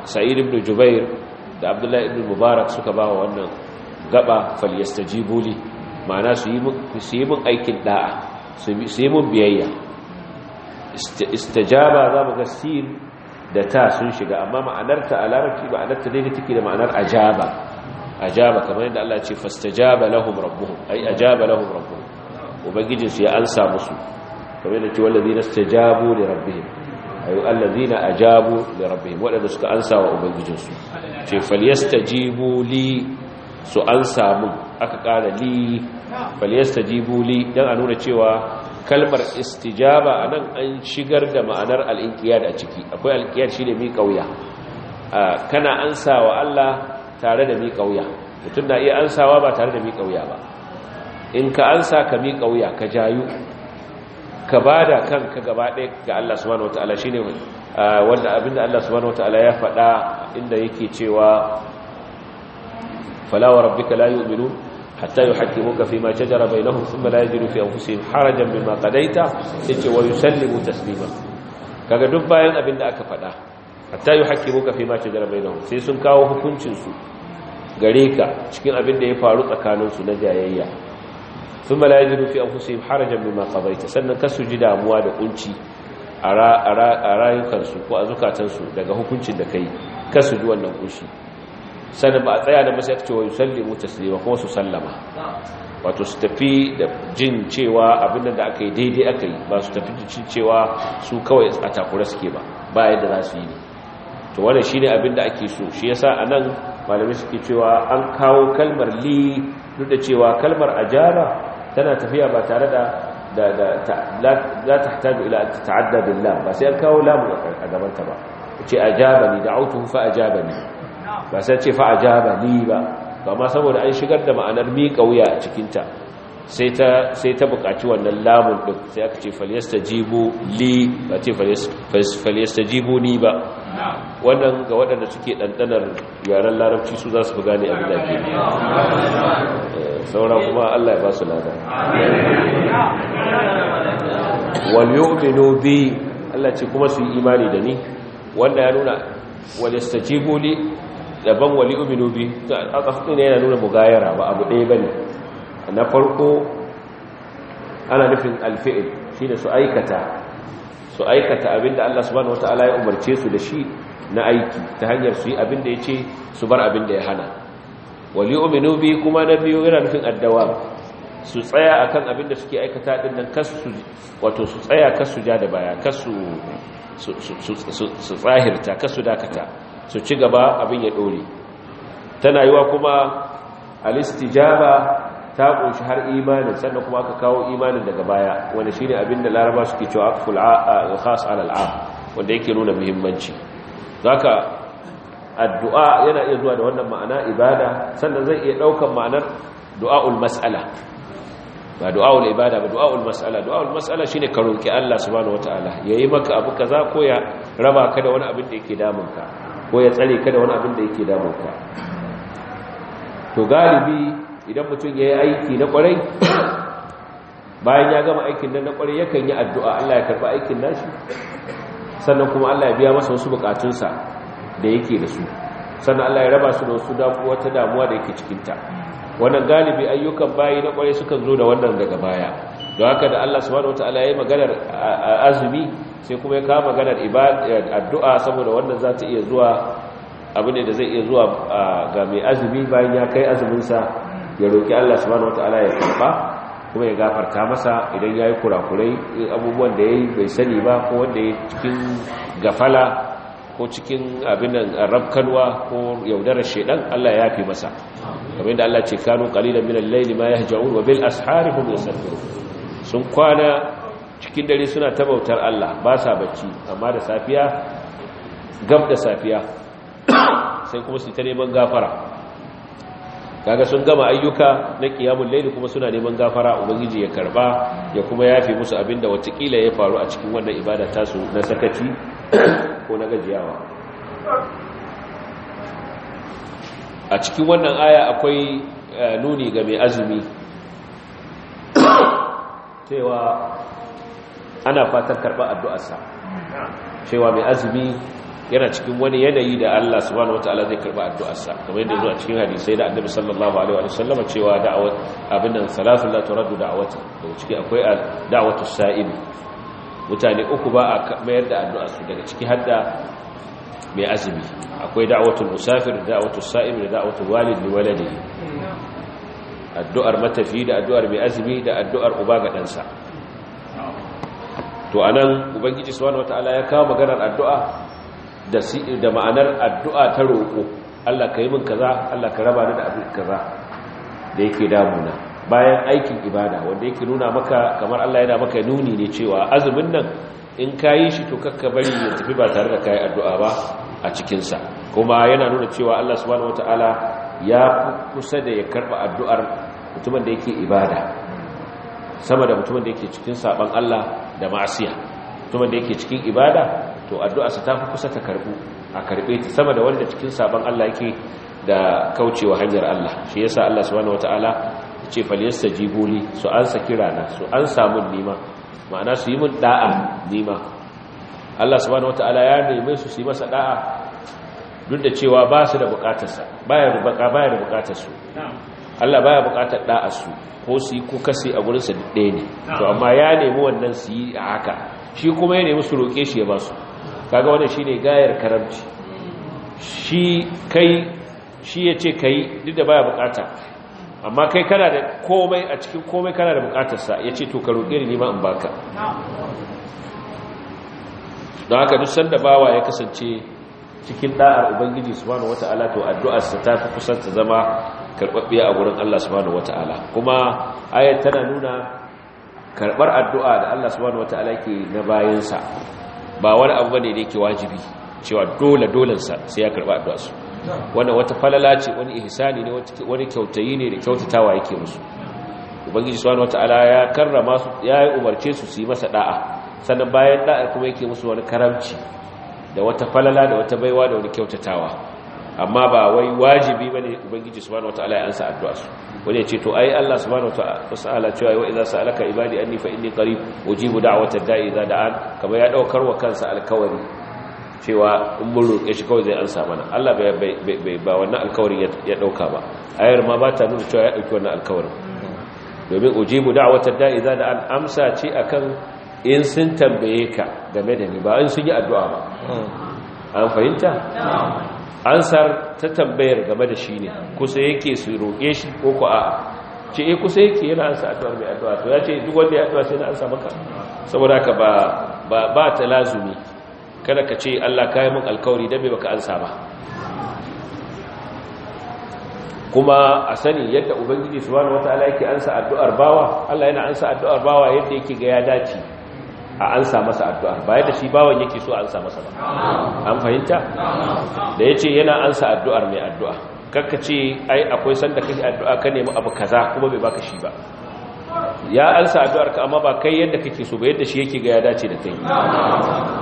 sa'id ibn jubair da abdullahi ibn mubarak suka ba wa wannan gaba falyastajibu li ma'ana su yi min aikin da'a su yi min biyayya istijaba za mu ga sin da ta sun shiga amma ma'anarta a larabci ma'anarta daidai take da ma'anar ajaba ajaba kamar yadda Allah ce fastajaba lahum rabbuhum ai ajaba lahum rabbuhum ubangijin su ya ansa musu kamar yadda ce wallazina istajabu li rabbihim ayu allazina ajabu li rabbihim wadanda suka ansa wa ubangijin su ce falyastajibu li su ansa mun aka kara li falyastajibu li dan a nuna cewa kalmar istijaba anan an shigar da ma'anar al'inkiyar a ciki akwai al'inkiyar shi ne mi ƙauya kana ansawa Allah tare da mi ƙauya mutum na iya ansawa ba tare da mi ƙauya ba in ka ansa ka mi ƙauya ka jayu ka ba da kanka gaba ɗaya ga Allah subhanahu wata'ala shi wanda abinda Allah subhanahu wata'ala ya faɗa inda yake cewa falawa rabbika la yu'minun hatta yuhaqqimuka fima shajara bainahum thumma la yajidu fi anfusihim harajan mimma qadaita yace wa yusallimu taslima kaga duk bayan abin da aka faɗa hatta yuhaqqimuka fima shajara bainahum sai sun kawo hukuncin su gare ka cikin abin da ya faru tsakanin su na jayayya thumma la yajidu fi anfusihim harajan mimma qadaita sannan kasu ji damuwa da kunci a rayukansu ko a zukatansu daga hukuncin da kai kasu ji wannan kunci sanin ba a tsaya da masu yake wa yusallimu taslima ko su sallama wato su tafi da jin cewa abin da aka yi daidai aka yi ba su tafi da cin cewa su kawai a takura suke ba ba yadda za su yi ne to wannan shine abin da ake so shi yasa nan malamai suke cewa an kawo kalmar li duk da cewa kalmar a jara tana tafiya ba tare da za ta hata da ila an billah ba sai an kawo lamu a gabanta ba ce da autun fa ne. ba sai ce fa'aja ba ni ba ba ma saboda an shigar da ma'anar miƙa wuya a cikinta sai ta sai ta buƙaci wannan lamun din sai aka ce falyastajibu li ba ce falyastajibu ni ba wannan ga waɗanda suke ɗanɗanar yaren larabci su za su fi gane abin da ke eh, sauran kuma Allah ya ba su lada wal no bi Allah ce kuma su yi imani da ni wanda ya nuna wal yastajibu li daban wali uminu bi akasu ne yana nuna mugayara ba abu ɗaya bane na farko ana nufin alfi'il da su aikata su aikata abinda Allah subhanahu wataala ya umarce su da shi na aiki ta hanyar su yi abinda ce su bar abinda ya hana wali uminu bi kuma na biyu yana nufin addawa su tsaya akan abinda suke aikata din nan kasu wato su tsaya kasu ja da baya kasu su tsahirta kasu dakata su ci gaba abin ya dore tana yiwa kuma alistijaba ta ƙunshi har imanin sannan kuma aka kawo imanin daga baya wanda shine abin da laraba suke cewa aqful khas ala al'am wanda yake nuna muhimmanci zaka addu'a yana iya zuwa da wannan ma'ana ibada sannan zai iya ɗaukan ma'anar du'aul mas'ala ba du'aul ibada ba du'aul mas'ala du'aul mas'ala shine ka roki Allah subhanahu wataala yi maka abu kaza ko ya raba ka da wani abin da yake damunka ko ya tsare ka da wani abin da yake damun ka to galibi idan mutum ya yi aiki na kwarai bayan ya gama aikin nan na kwarai kan yi addu'a Allah ya karɓi aikin nashi sannan kuma Allah ya biya masa wasu bukatunsa da yake da su sannan Allah ya raba su da wasu damu wata damuwa da yake cikinta wannan galibi ayyukan bayi na kwarai sukan zo da wannan daga baya don haka da Allah subhanahu wataala yi maganar azumi sai kuma ya kawo maganar eh, addu'a saboda wannan za ta iya zuwa abu ne da zai iya zuwa ga mai azumi bayan ya kai azuminsa ya roƙi Allah subhanahu wataala ya karɓa kuma ya gafarta masa idan ya yi kurakurai abubuwan da ya yi bai sani ba ko wanda ya cikin gafala ko cikin abin nan rabkanwa ko yaudarar shaiɗan Allah ya fi masa kamar yadda Allah ce kanu qalilan minan layli ma yahja'un wa bil ashari hum yasafirun sun kwana cikin dare suna ta bautar Allah ba sa bacci amma da safiya gab da safiya sai kuma su ta neman gafara kaga sun gama ayyuka na kiyamun laili kuma suna neman gafara ubangiji ya karba ya kuma yafe musu abinda watakila ya faru a cikin wannan ibada tasu na sakaci ko na gajiyawa a cikin wannan aya akwai eh, nuni ga mai azumi cewa ana fatan karɓar addu'arsa cewa mai azumi yana cikin wani yanayi da Allah subhanahu wataala zai karɓar addu'arsa kamar yadda zuwa cikin hadisai da Annabi sallallahu alaihi wa sallama cewa da abinan salatul radu turaddu da'awati daga ciki akwai da'awata sa'ibi mutane uku ba a mayar da addu'arsu daga ciki hadda mai azumi akwai da'awata musafir da'awata sa'ibi da da'awata walid li waladihi addu'ar matafi da addu'ar mai azumi da addu'ar uba ga ɗansa to a nan ubangiji subhanahu wataala ya kawo maganar addu'a da ma'anar addu'a ta roƙo Allah ka yi min kaza Allah ka raba ni da abin kaza da yake damuna bayan aikin ibada wanda yake nuna maka kamar Allah yana maka nuni ne cewa azumin nan in ka yi shi to kakka bari ya tafi ba tare da ka yi addu'a ba a cikinsa kuma yana nuna cewa Allah subhanahu wataala ya kusa da ya karɓa addu'ar mutumin da yake ibada sama da mutumin da yake cikin saban Allah da ma'asiya mutumin da yake cikin ibada to addu'arsa ta fi kusa ta karɓu a karbe ta sama da wanda cikin saban Allah yake da kaucewa hanyar Allah shi yasa Allah subhanahu wataala yace falyastajibu li su ansa kirana su an samu nima ma'ana su yi mun da'a nima Allah subhanahu wataala ya nemi su su yi masa da'a duk da cewa ba su da bukatarsa baya da bukatarsu Allah baya bukatar da'a su ko su yi ko kasi a gurinsa ɗaya ne to amma ya nemi wannan su yi a haka shi kuma ya nemi su roƙe shi ya ba su kaga wannan ne gayar karamci shi kai shi ya ce kai duk da baya bukata amma kai kana da komai a cikin komai kana da bukatarsa ya ce to ka roƙe ni ma in baka don haka duk sanda bawa ya kasance cikin da'ar ubangiji subhanahu wata'ala to addu'arsa ta fi kusan ta zama karɓaɓɓiya a gurin Allah subhanahu ta’ala kuma ayat tana nuna karɓar addu'a da Allah subhanahu ta’ala ke na bayansa ba wani abu bane da yake wajibi cewa dole dolensa sai ya karɓa addu'a su wannan wata falala ce wani ihsani ne wani kyautayi ne da kyautatawa yake musu ubangiji subhanahu wata'ala ya karrama su ya umarce su su yi masa da'a sannan bayan da'a kuma yake musu wani karamci da wata falala da wata baiwa da wani kyautatawa amma ba wai wajibi bane ubangiji subhanahu wataala ya ansa addu'a su wani ce to ai Allah subhanahu wataala cewa wa idza sa'alaka ibadi anni fa inni qarib ujibu da'watad da'i idza da'an kamar ya daukar wa kansa alkawari cewa in mun roke shi kawai zai ansa mana Allah bai ba wannan alkawari ya dauka ba ayar ma ba ta nuna cewa ya dauki wannan alkawarin domin ujibu da'watad da'i idza da'an amsa ce akan in sun tambaye ka game da ni ba in sun yi addu'a ba hmm. an fahimta ansar ta tambayar game da shi ne kusa yake su roƙe shi ko ku a'a ce e kusa yake yana ansa addu'ar mai addu'a to ya ce duk wanda ya addu'a sai na ansa maka saboda ka ba ba ba ta lazumi kada ka ce Allah ka yi min alkawari dan me baka ansa ba kuma a sani yadda ubangiji subhanahu wataala yake ansa addu'ar bawa Allah yana ansa addu'ar bawa yadda yake ga ya dace a an sa masa addu'ar ba yadda shi bawan yake so an sa masa ba an fahimta da ya ce yana an sa addu'ar mai addu'a kakka ce ai akwai sanda kake addu'a ka nemi abu kaza kuma bai baka shi ba ya an sa addu'ar ka amma ba kai yadda kake so ba yadda shi yake ga ya dace da kai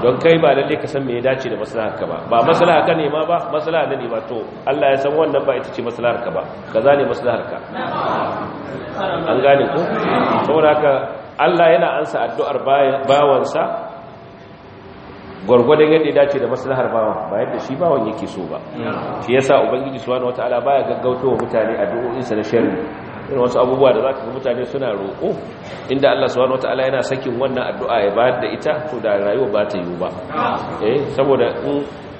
don kai ba lalle ka san me ya dace da maslahar ka ba ba maslahar ka nema ba maslaha ne nema to Allah ya san wannan ba ita ce maslahar ka ba kaza ne maslahar ka an gane ko saboda haka Allah yana ansa addu'ar bawansa gwargwadon yadda ya dace da maslahar bawan ba yadda shi bawan yake so ba shi yasa ubangiji wata wataala baya gaggauto wa mutane addu'o'insa na sharri irin wasu abubuwa da za ka mutane suna roƙo inda Allah wata wataala yana sakin wannan addu'a ya bayar da ita to da rayuwa ba ta yiwu ba eh saboda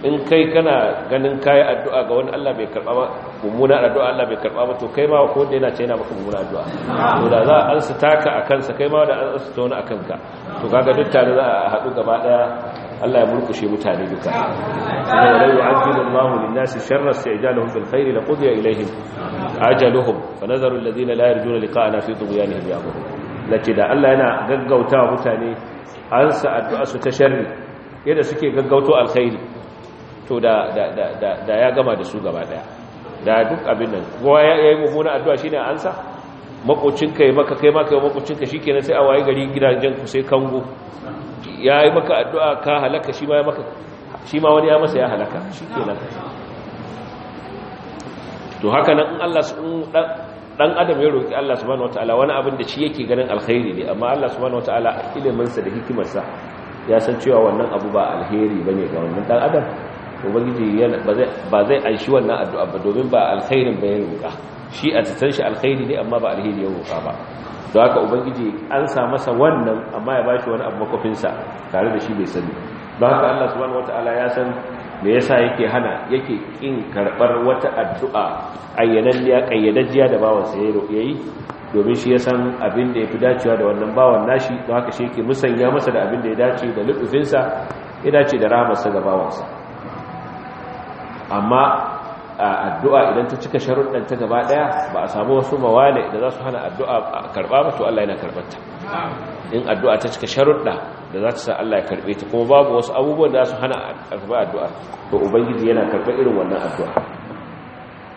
in kai kana ganin kayi addu'a ga wani Allah bai karɓa ba mummuna addu'a Allah bai karɓa ba to kai ma ko da yana ce yana maka mummuna addu'a to da za a su taka a kansa kai ma da an su ta wani a kanka to kaga duk tare za a haɗu gaba ɗaya Allah ya mulkushe mutane duka inna la yu'adhibu Allahu lin-nasi sharra isti'jalahum fil khairi la qudiya ilayhim ajaluhum fa nazaru alladhina la yarjuna liqa'ana fi tughyanihim ya'mahun lati da Allah yana gaggautawa mutane ansa addu'a su ta sharri yadda suke gaggauto alkhairi to da da ya gama da su gaba daya da duk abin nan kowa ya yi mummuna addu'a shine ansa makocin ya maka kai maka ka shikenan sai a waye gari gidajen ku sai kango ya yi maka addu'a ka halaka shi ma ya maka shi ma wani ya masa ya halaka shikenan to haka nan in Allah dan adam ya roki Allah subhanahu wataala wani abin da shi yake ganin alkhairi ne amma Allah subhanahu wataala ilimin sa da hikimarsa ya san cewa wannan abu ba alheri bane ga wannan dan adam ubangiji ba zai anshi wannan addu'a ba domin ba alkhairin ba ya roƙa shi a tattar shi alkhairi ne amma ba alhairi ya roƙa ba don haka ubangiji an sa masa wannan amma ya bashi wani abu makofinsa tare da shi bai sani don haka Allah subhanahu wataala ya san me yasa yake hana yake kin karɓar wata addu'a ayyananniya kayyadajjiya da bawan sa yi domin shi ya san abin da ya fi dacewa da wannan bawan nashi don haka shi yake musanya masa da abin da ya dace da lubufinsa ya dace da rahamarsa ga bawansa amma addu'a idan ta cika sharuɗan ta gaba ɗaya ba a samu wasu mawane da za su hana addu'a karɓa ba to Allah yana karɓarta in addu'a ta cika sharuɗa da za ta sa Allah ya karɓe ta kuma babu wasu abubuwan da za su hana karɓa addu'a to ubangiji yana karɓar irin wannan addu'a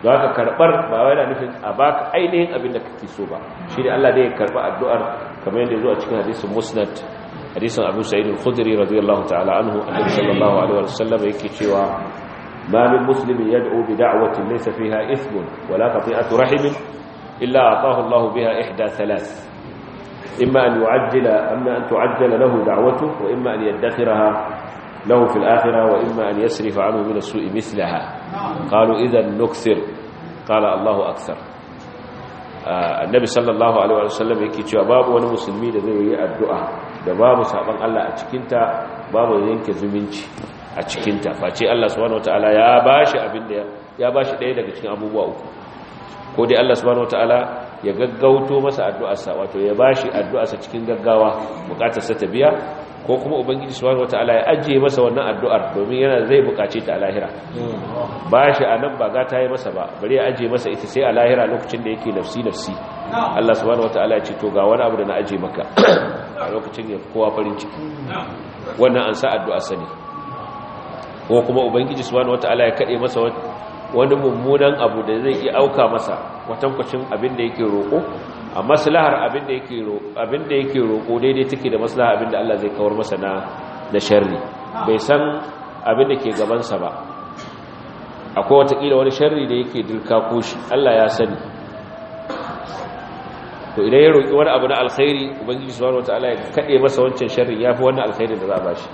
za ka karɓar ba wai na nufin a ba ka ainihin abin da kake so ba shi ne Allah dai ya karɓa addu'ar kamar yadda ya zo a cikin hadisin musnad hadisin abu sa'id al-khudri radiyallahu ta'ala anhu annabi sallallahu wa sallam yake cewa ما من مسلم يدعو بدعوة ليس فيها إثم ولا قطيئة رحم إلا أعطاه الله بها إحدى ثلاث إما أن يعجل أما أن تعجل له دعوته وإما أن يدخرها له في الآخرة وإما أن يسرف عنه من السوء مثلها قالوا إذا نكثر قال الله أكثر annabi sallallahu alaihi wasallam yake cewa babu wani musulmi da zai yi addu'a da babu saban Allah a cikinta babu yanke zumunci a cikin face Allah subhanahu wataala ya bashi abin da ya bashi ɗaya daga cikin abubuwa uku ko dai Allah subhanahu wataala ya gaggauto masa addu'arsa wato ya bashi addu'arsa cikin gaggawa bukatarsa ta biya ko kuma ubangiji subhanahu wataala ya ajiye masa wannan addu'ar domin yana zai buƙace ta a lahira bashi a nan ba ga ta yi masa ba bari ya ajiye masa ita sai a lahira lokacin da yake nafsi nafsi Allah subhanahu wataala ya ce to ga wani abu da na ajiye maka a lokacin ya kowa farin ciki wannan an sa addu'arsa ne ko kuma ubangiji wata ala ya kade masa wani mummunan abu da zai iya auka masa kwatankwacin abin da yake roko a maslahar abin da yake roko abin da yake roko daidai take da maslahar abin da Allah zai kawar masa na da sharri bai san abin da ke gaban ba akwai watakila wani sharri da yake dilka ko shi Allah ya sani to idan ya roƙi wani abu na alkhairi ubangiji subhanahu wataala ya kade masa wancan sharri yafi wannan alkhairin da za a bashi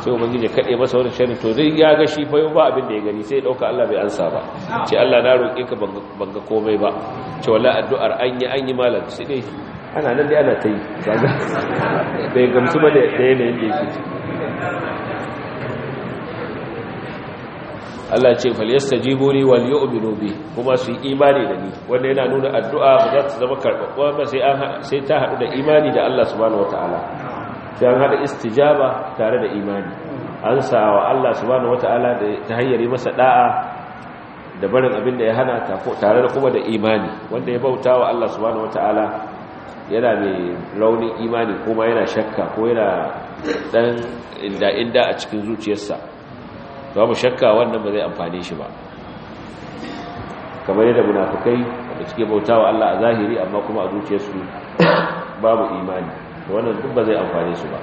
sai ubangiji ya kade masa wannan sharri to zai ya ga shi fa yau ba abin da ya gani sai ya dauka Allah bai ansa ba ce Allah na roƙe ka ban ga komai ba ce wala addu'ar an yi an yi malam sai dai ana nan dai ana ta yi bai gamsu ba da yanayin da yake ciki Allah ce falyastajibu li wal yu'minu bi kuma su yi imani da ni wanda yana nuna addu'a ba za ta zama karɓaɓɓuwa ba sai an sai ta haɗu da imani da Allah subhanahu wataala sai an haɗa istijaba tare da imani an wa Allah subhanahu wataala da ta hanyar masa da'a da barin abin da ya hana tare da kuma da imani wanda ya bauta wa Allah subhanahu wataala yana mai raunin imani kuma yana shakka ko yana dan inda inda a cikin zuciyarsa babu shakka wannan ba zai amfane shi ba kamar yadda munafukai da suke bautawa Allah a zahiri amma kuma a zuciyarsu babu imani wannan duk ba zai amfane su ba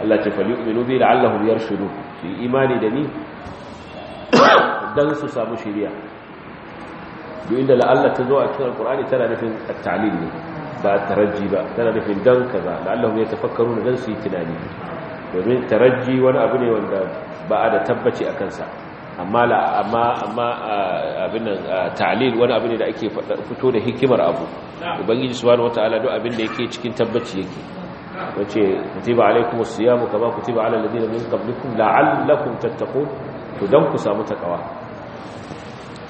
Allah ce falyu'minu bi la'allahum yarshudu su yi imani da ni dan su samu shiriya duk inda la'alla ta zo a cikin alqur'ani tana nufin at-ta'lil ne ba taraji ba tana nufin dan kaza la'allahum yatafakkaruna dan su yi tunani domin taraji wani abu ne wanda ba a da tabbaci a kansa amma amma abin wani abu ne da ake fito da hikimar abu ubangiji subhanahu wataala duk abin da yake cikin tabbaci yake wace kutiba alaikumus siyamu kama kutiba ala ladina min qablikum la'allakum tattaqun to dan ku samu takawa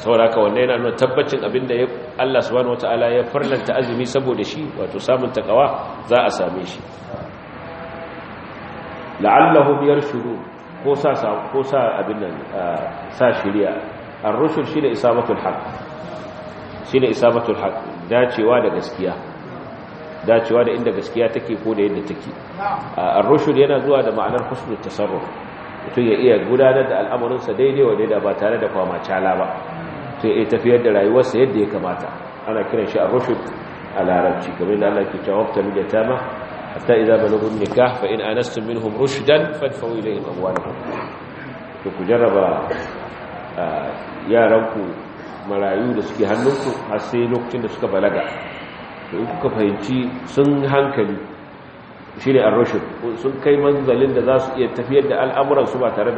saboda haka wannan yana nuna tabbacin abin da Allah subhanahu wataala ya farlanta azumi saboda shi wato samun takawa za a same shi la'allahum yarshudun ko sa ko sa abin nan sa shari'a ar-rusul shine isabatul haqq shine isabatul haqq dacewa da gaskiya dacewa da inda gaskiya take ko da yadda take ar-rusul yana zuwa da ma'anar husnul tasarruf mutum ya iya gudanar da al'amuransa daidai wa daidai ba tare da kwama cala ba to ya tafiyar da rayuwarsa yadda ya kamata ana kiran shi ar-rusul a larabci kamar yadda Allah ke cewa waqtan tama hatta idza balagu nikah fa in anastum minhum rushdan fadfa'u ilayhim amwalahum to ku jarraba ah, yaranku marayu da suke hannunku har sai lokacin da suka balaga to in kuka fahimci sun hankali shine ar-rushd sun kai manzalin da za su iya tafiyar da al'amuransu su ba tare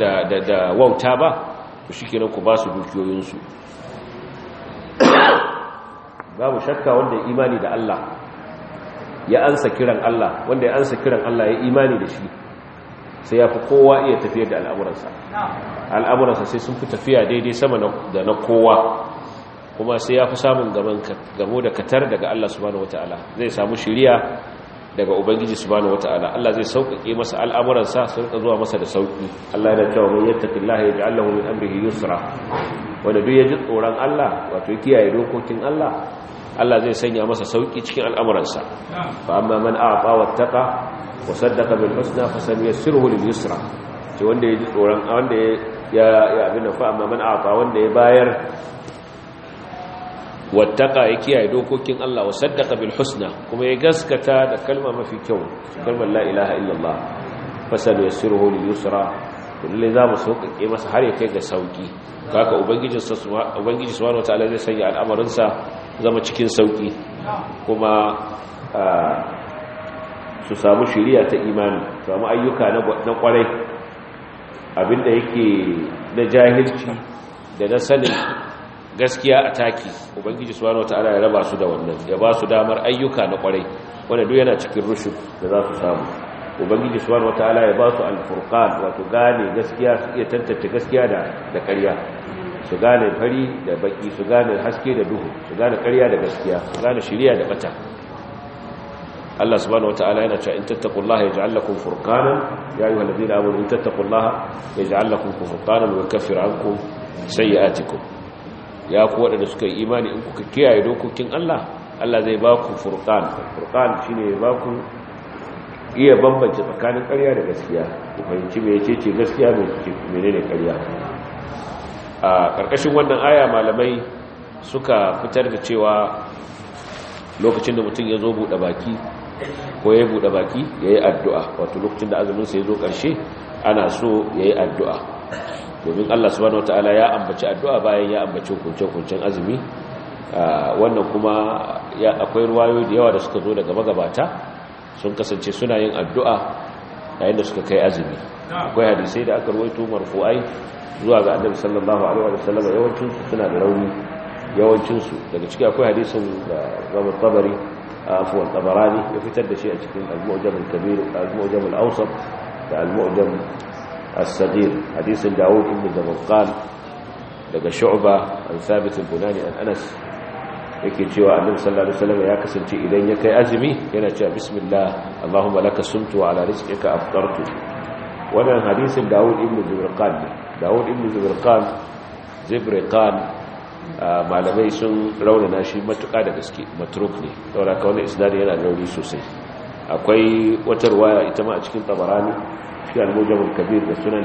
da wauta ba shikenan ku ba su dukiyoyin su babu shakka wanda imani da Allah ya ansa kiran Allah wanda ya ansa kiran Allah ya imani da shi sai ya fi kowa iya tafiyar da al'amuransa al'amuransa sai sun fi tafiya daidai sama da na kowa kuma sai ya fi samun gamo da katar daga Allah subhanahu wata'ala zai samu shiriya daga ubangiji subhanahu wata'ala Allah zai sauƙaƙe masa al'amuransa su rika zuwa masa da sauƙi Allah yana cewa man yattaqillaha yaj'al lahu min amrihi yusra wanda duk ya ji tsoron Allah wato kiyaye dokokin Allah Allah zai sanya masa sauki cikin al'amuransa fa amma man a'ta wattaqa wa saddaqa bil husna fa sanyassiruhu lil yusra ce wanda ya ji tsoron wanda ya ya abin fa amma man a'ta wanda ya bayar wa wattaka ya kiyaye dokokin Allah wa saddaka bil husna kuma ya gaskata da kalma mafi kyau kalmar la ilaha illallah fasal yasiruhu lil yusra kullu za mu sauƙaƙe masa har ya kai ga sauki kaka ubangiji subhanahu wataala zai sanya al'amarin sa zama cikin sauki kuma su samu shiriya ta imani samu ayyuka na kwarai abinda yake na jahilci da na sanin gaskiya a taki ubangiji su wata wataala ya raba su da wannan ya ba su damar ayyuka na kwarai wanda duk yana cikin rushe da za su samu ubangiji su wata wataala ya ba su alfurkan wato gane gaskiya su iya tantance gaskiya da karya. su gane fari da baki su gane haske da duhu su gane ƙarya da gaskiya su gane shiriya da bata Allah subhanahu wataala yana cewa in tattaqullaha yaj'al lakum furqanan ya ayyuhal ladina amanu in tattaqullaha yaj'al lakum furqanan wa yukaffir ankum sayyi'atikum ya ku wadanda suka yi imani in kuka kiyaye dokokin Allah Allah zai ba ku furqan furqan shine ya ba ku iya bambance tsakanin ƙarya da gaskiya ku fahimci me yake ce gaskiya me menene ƙarya a ƙarƙashin wannan aya malamai suka fitar da cewa lokacin da mutum ya zo buɗe baki ko ya buɗe baki ya yi addu'a wato lokacin da azuminsa ya zo ƙarshe ana so ya yi addu'a domin allah subhanahu wata'ala ya ambaci addu'a bayan ya ambaci hukunce-hukuncen azumi wannan kuma akwai ruwayoyi da yawa da suka zo daga magabata sun kasance suna yin addu'a yayin da suka kai azumi akwai hadisai da aka ruwaito marfu'ai zuwa ga annabi sallallahu alaihi wa sallam yawancin su suna da rauni yawancin su daga ciki akwai hadisin da Imam Tabari afu al-Tabarani ya fitar da shi a cikin al-Mu'jam al-Kabir al-Mu'jam al-Awsat da al-Mu'jam as-Saghir hadisin Dawud ibn Zabqal daga Shu'ba an Thabit al-Bunani an Anas yake cewa annabi sallallahu alaihi wasallam ya kasance idan ya kai azumi yana cewa bismillah allahumma laka sumtu wa ala rizqika aftartu wannan hadisin Dawud ibn Zabqal ne dawud ibn zubirkan zubirkan malamai sun raunana shi matuka da gaske matruk ne saboda ka wani isnadi yana rauni sosai akwai wata ruwaya ita ma a cikin tabarani shi al-mujamul kabir da sunan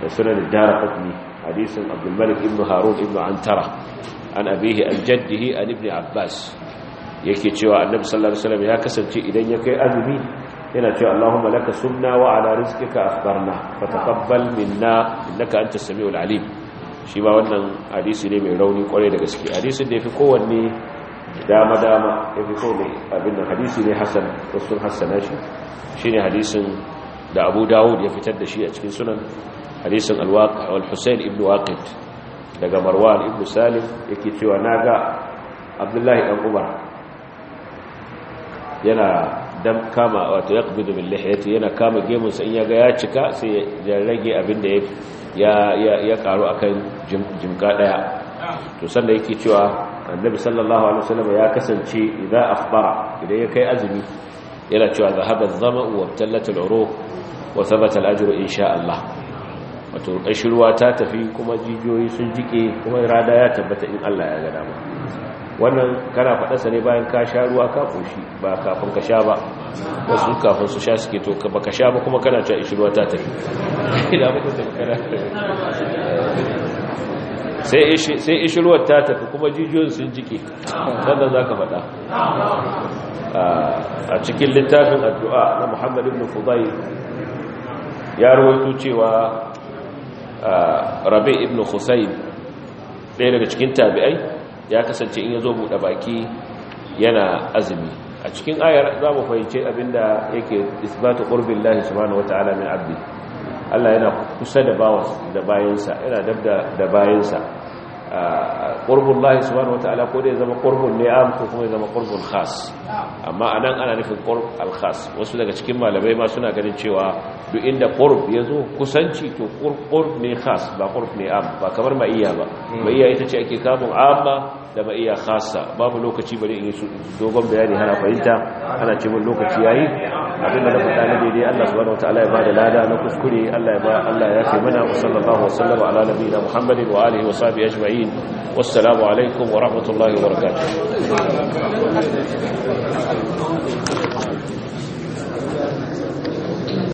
da sunan daraqutni hadisin abdul malik ibn harun ibn antara an abihi an jaddihi an ibn abbas yake cewa annabi sallallahu alaihi wasallam ya kasance idan ya kai azumi yana cewa Allahumma laka sunna wa ala rizqika akhbarna taqabbal minna innaka antas samiul alim shi ba wannan hadisi ne mai rauni kwarai da gaske hadisi da yafi kowanne dama dama yafi kowanne abin da hadisi ne hasan sun hasana shi shine hadisin da Abu Dawud ya fitar da shi a cikin sunan hadisin al-Waqi' wal Husayn ibn Waqid daga Marwan ibn Salim yake cewa naga Abdullahi dan Umar yana dan kama wato yaqbidu bil lihiyati yana kama gemun sa in yaga ya cika sai ya rage abin da ya ya karu akan jimka daya to sanda yake cewa annabi sallallahu alaihi wasallam ya kasance idza akhbara idan ya kai azumi yana cewa zahaba az-zama'u wa tallat al-uruq wa thabata al-ajru insha Allah wato kashirwa ta tafi kuma jijiyoyi sun jike kuma rada ya tabbata in Allah ya ga dama wannan kana faɗarsa ne bayan ka sha ruwa ka ƙoshi ba kafin ka sha ba wasu kafin su sha suke to ba ka sha ba kuma kana ta ishi ruwa ta tafi sai ishi ruwa ta tafi kuma jijiyoyin sun jike sannan za ka faɗa a cikin littafin addu'a na muhammad ibn fudai ya rawaito cewa rabi ibn husayn ɗaya daga cikin tabi'ai ya kasance in ya zo buɗe baki yana azumi a cikin ayar za mu fahimci abinda yake isbatu qurbin lahi subhanahu wataala min abdi Allah yana kusa da bawansa da bayansa yana dabda da bayansa ƙurbun lahi subhanahu wa ta'ala ko da ya zama ƙurbun ni'am ko kuma ya zama ƙurbun khas amma a nan ana nufin ƙurb al wasu daga cikin malamai ma suna ganin cewa duk inda ƙurb ya zo kusanci to ƙurb ne khas ba ƙurb ni'am ba kamar maiyya ba ma'iya ita ce ake kamun amma da ba iya khasa babu lokaci bari in yi dogon bayani hana fahimta ana cewa lokaci yayi abin da na faɗa na daidai Allah subhanahu wataala ya bada lada na kuskure Allah ya ba Allah ya kai mana sallallahu wa sallama ala nabiyina Muhammadin wa alihi wa sahbihi ajma'in wassalamu alaikum wa rahmatullahi wa barakatuh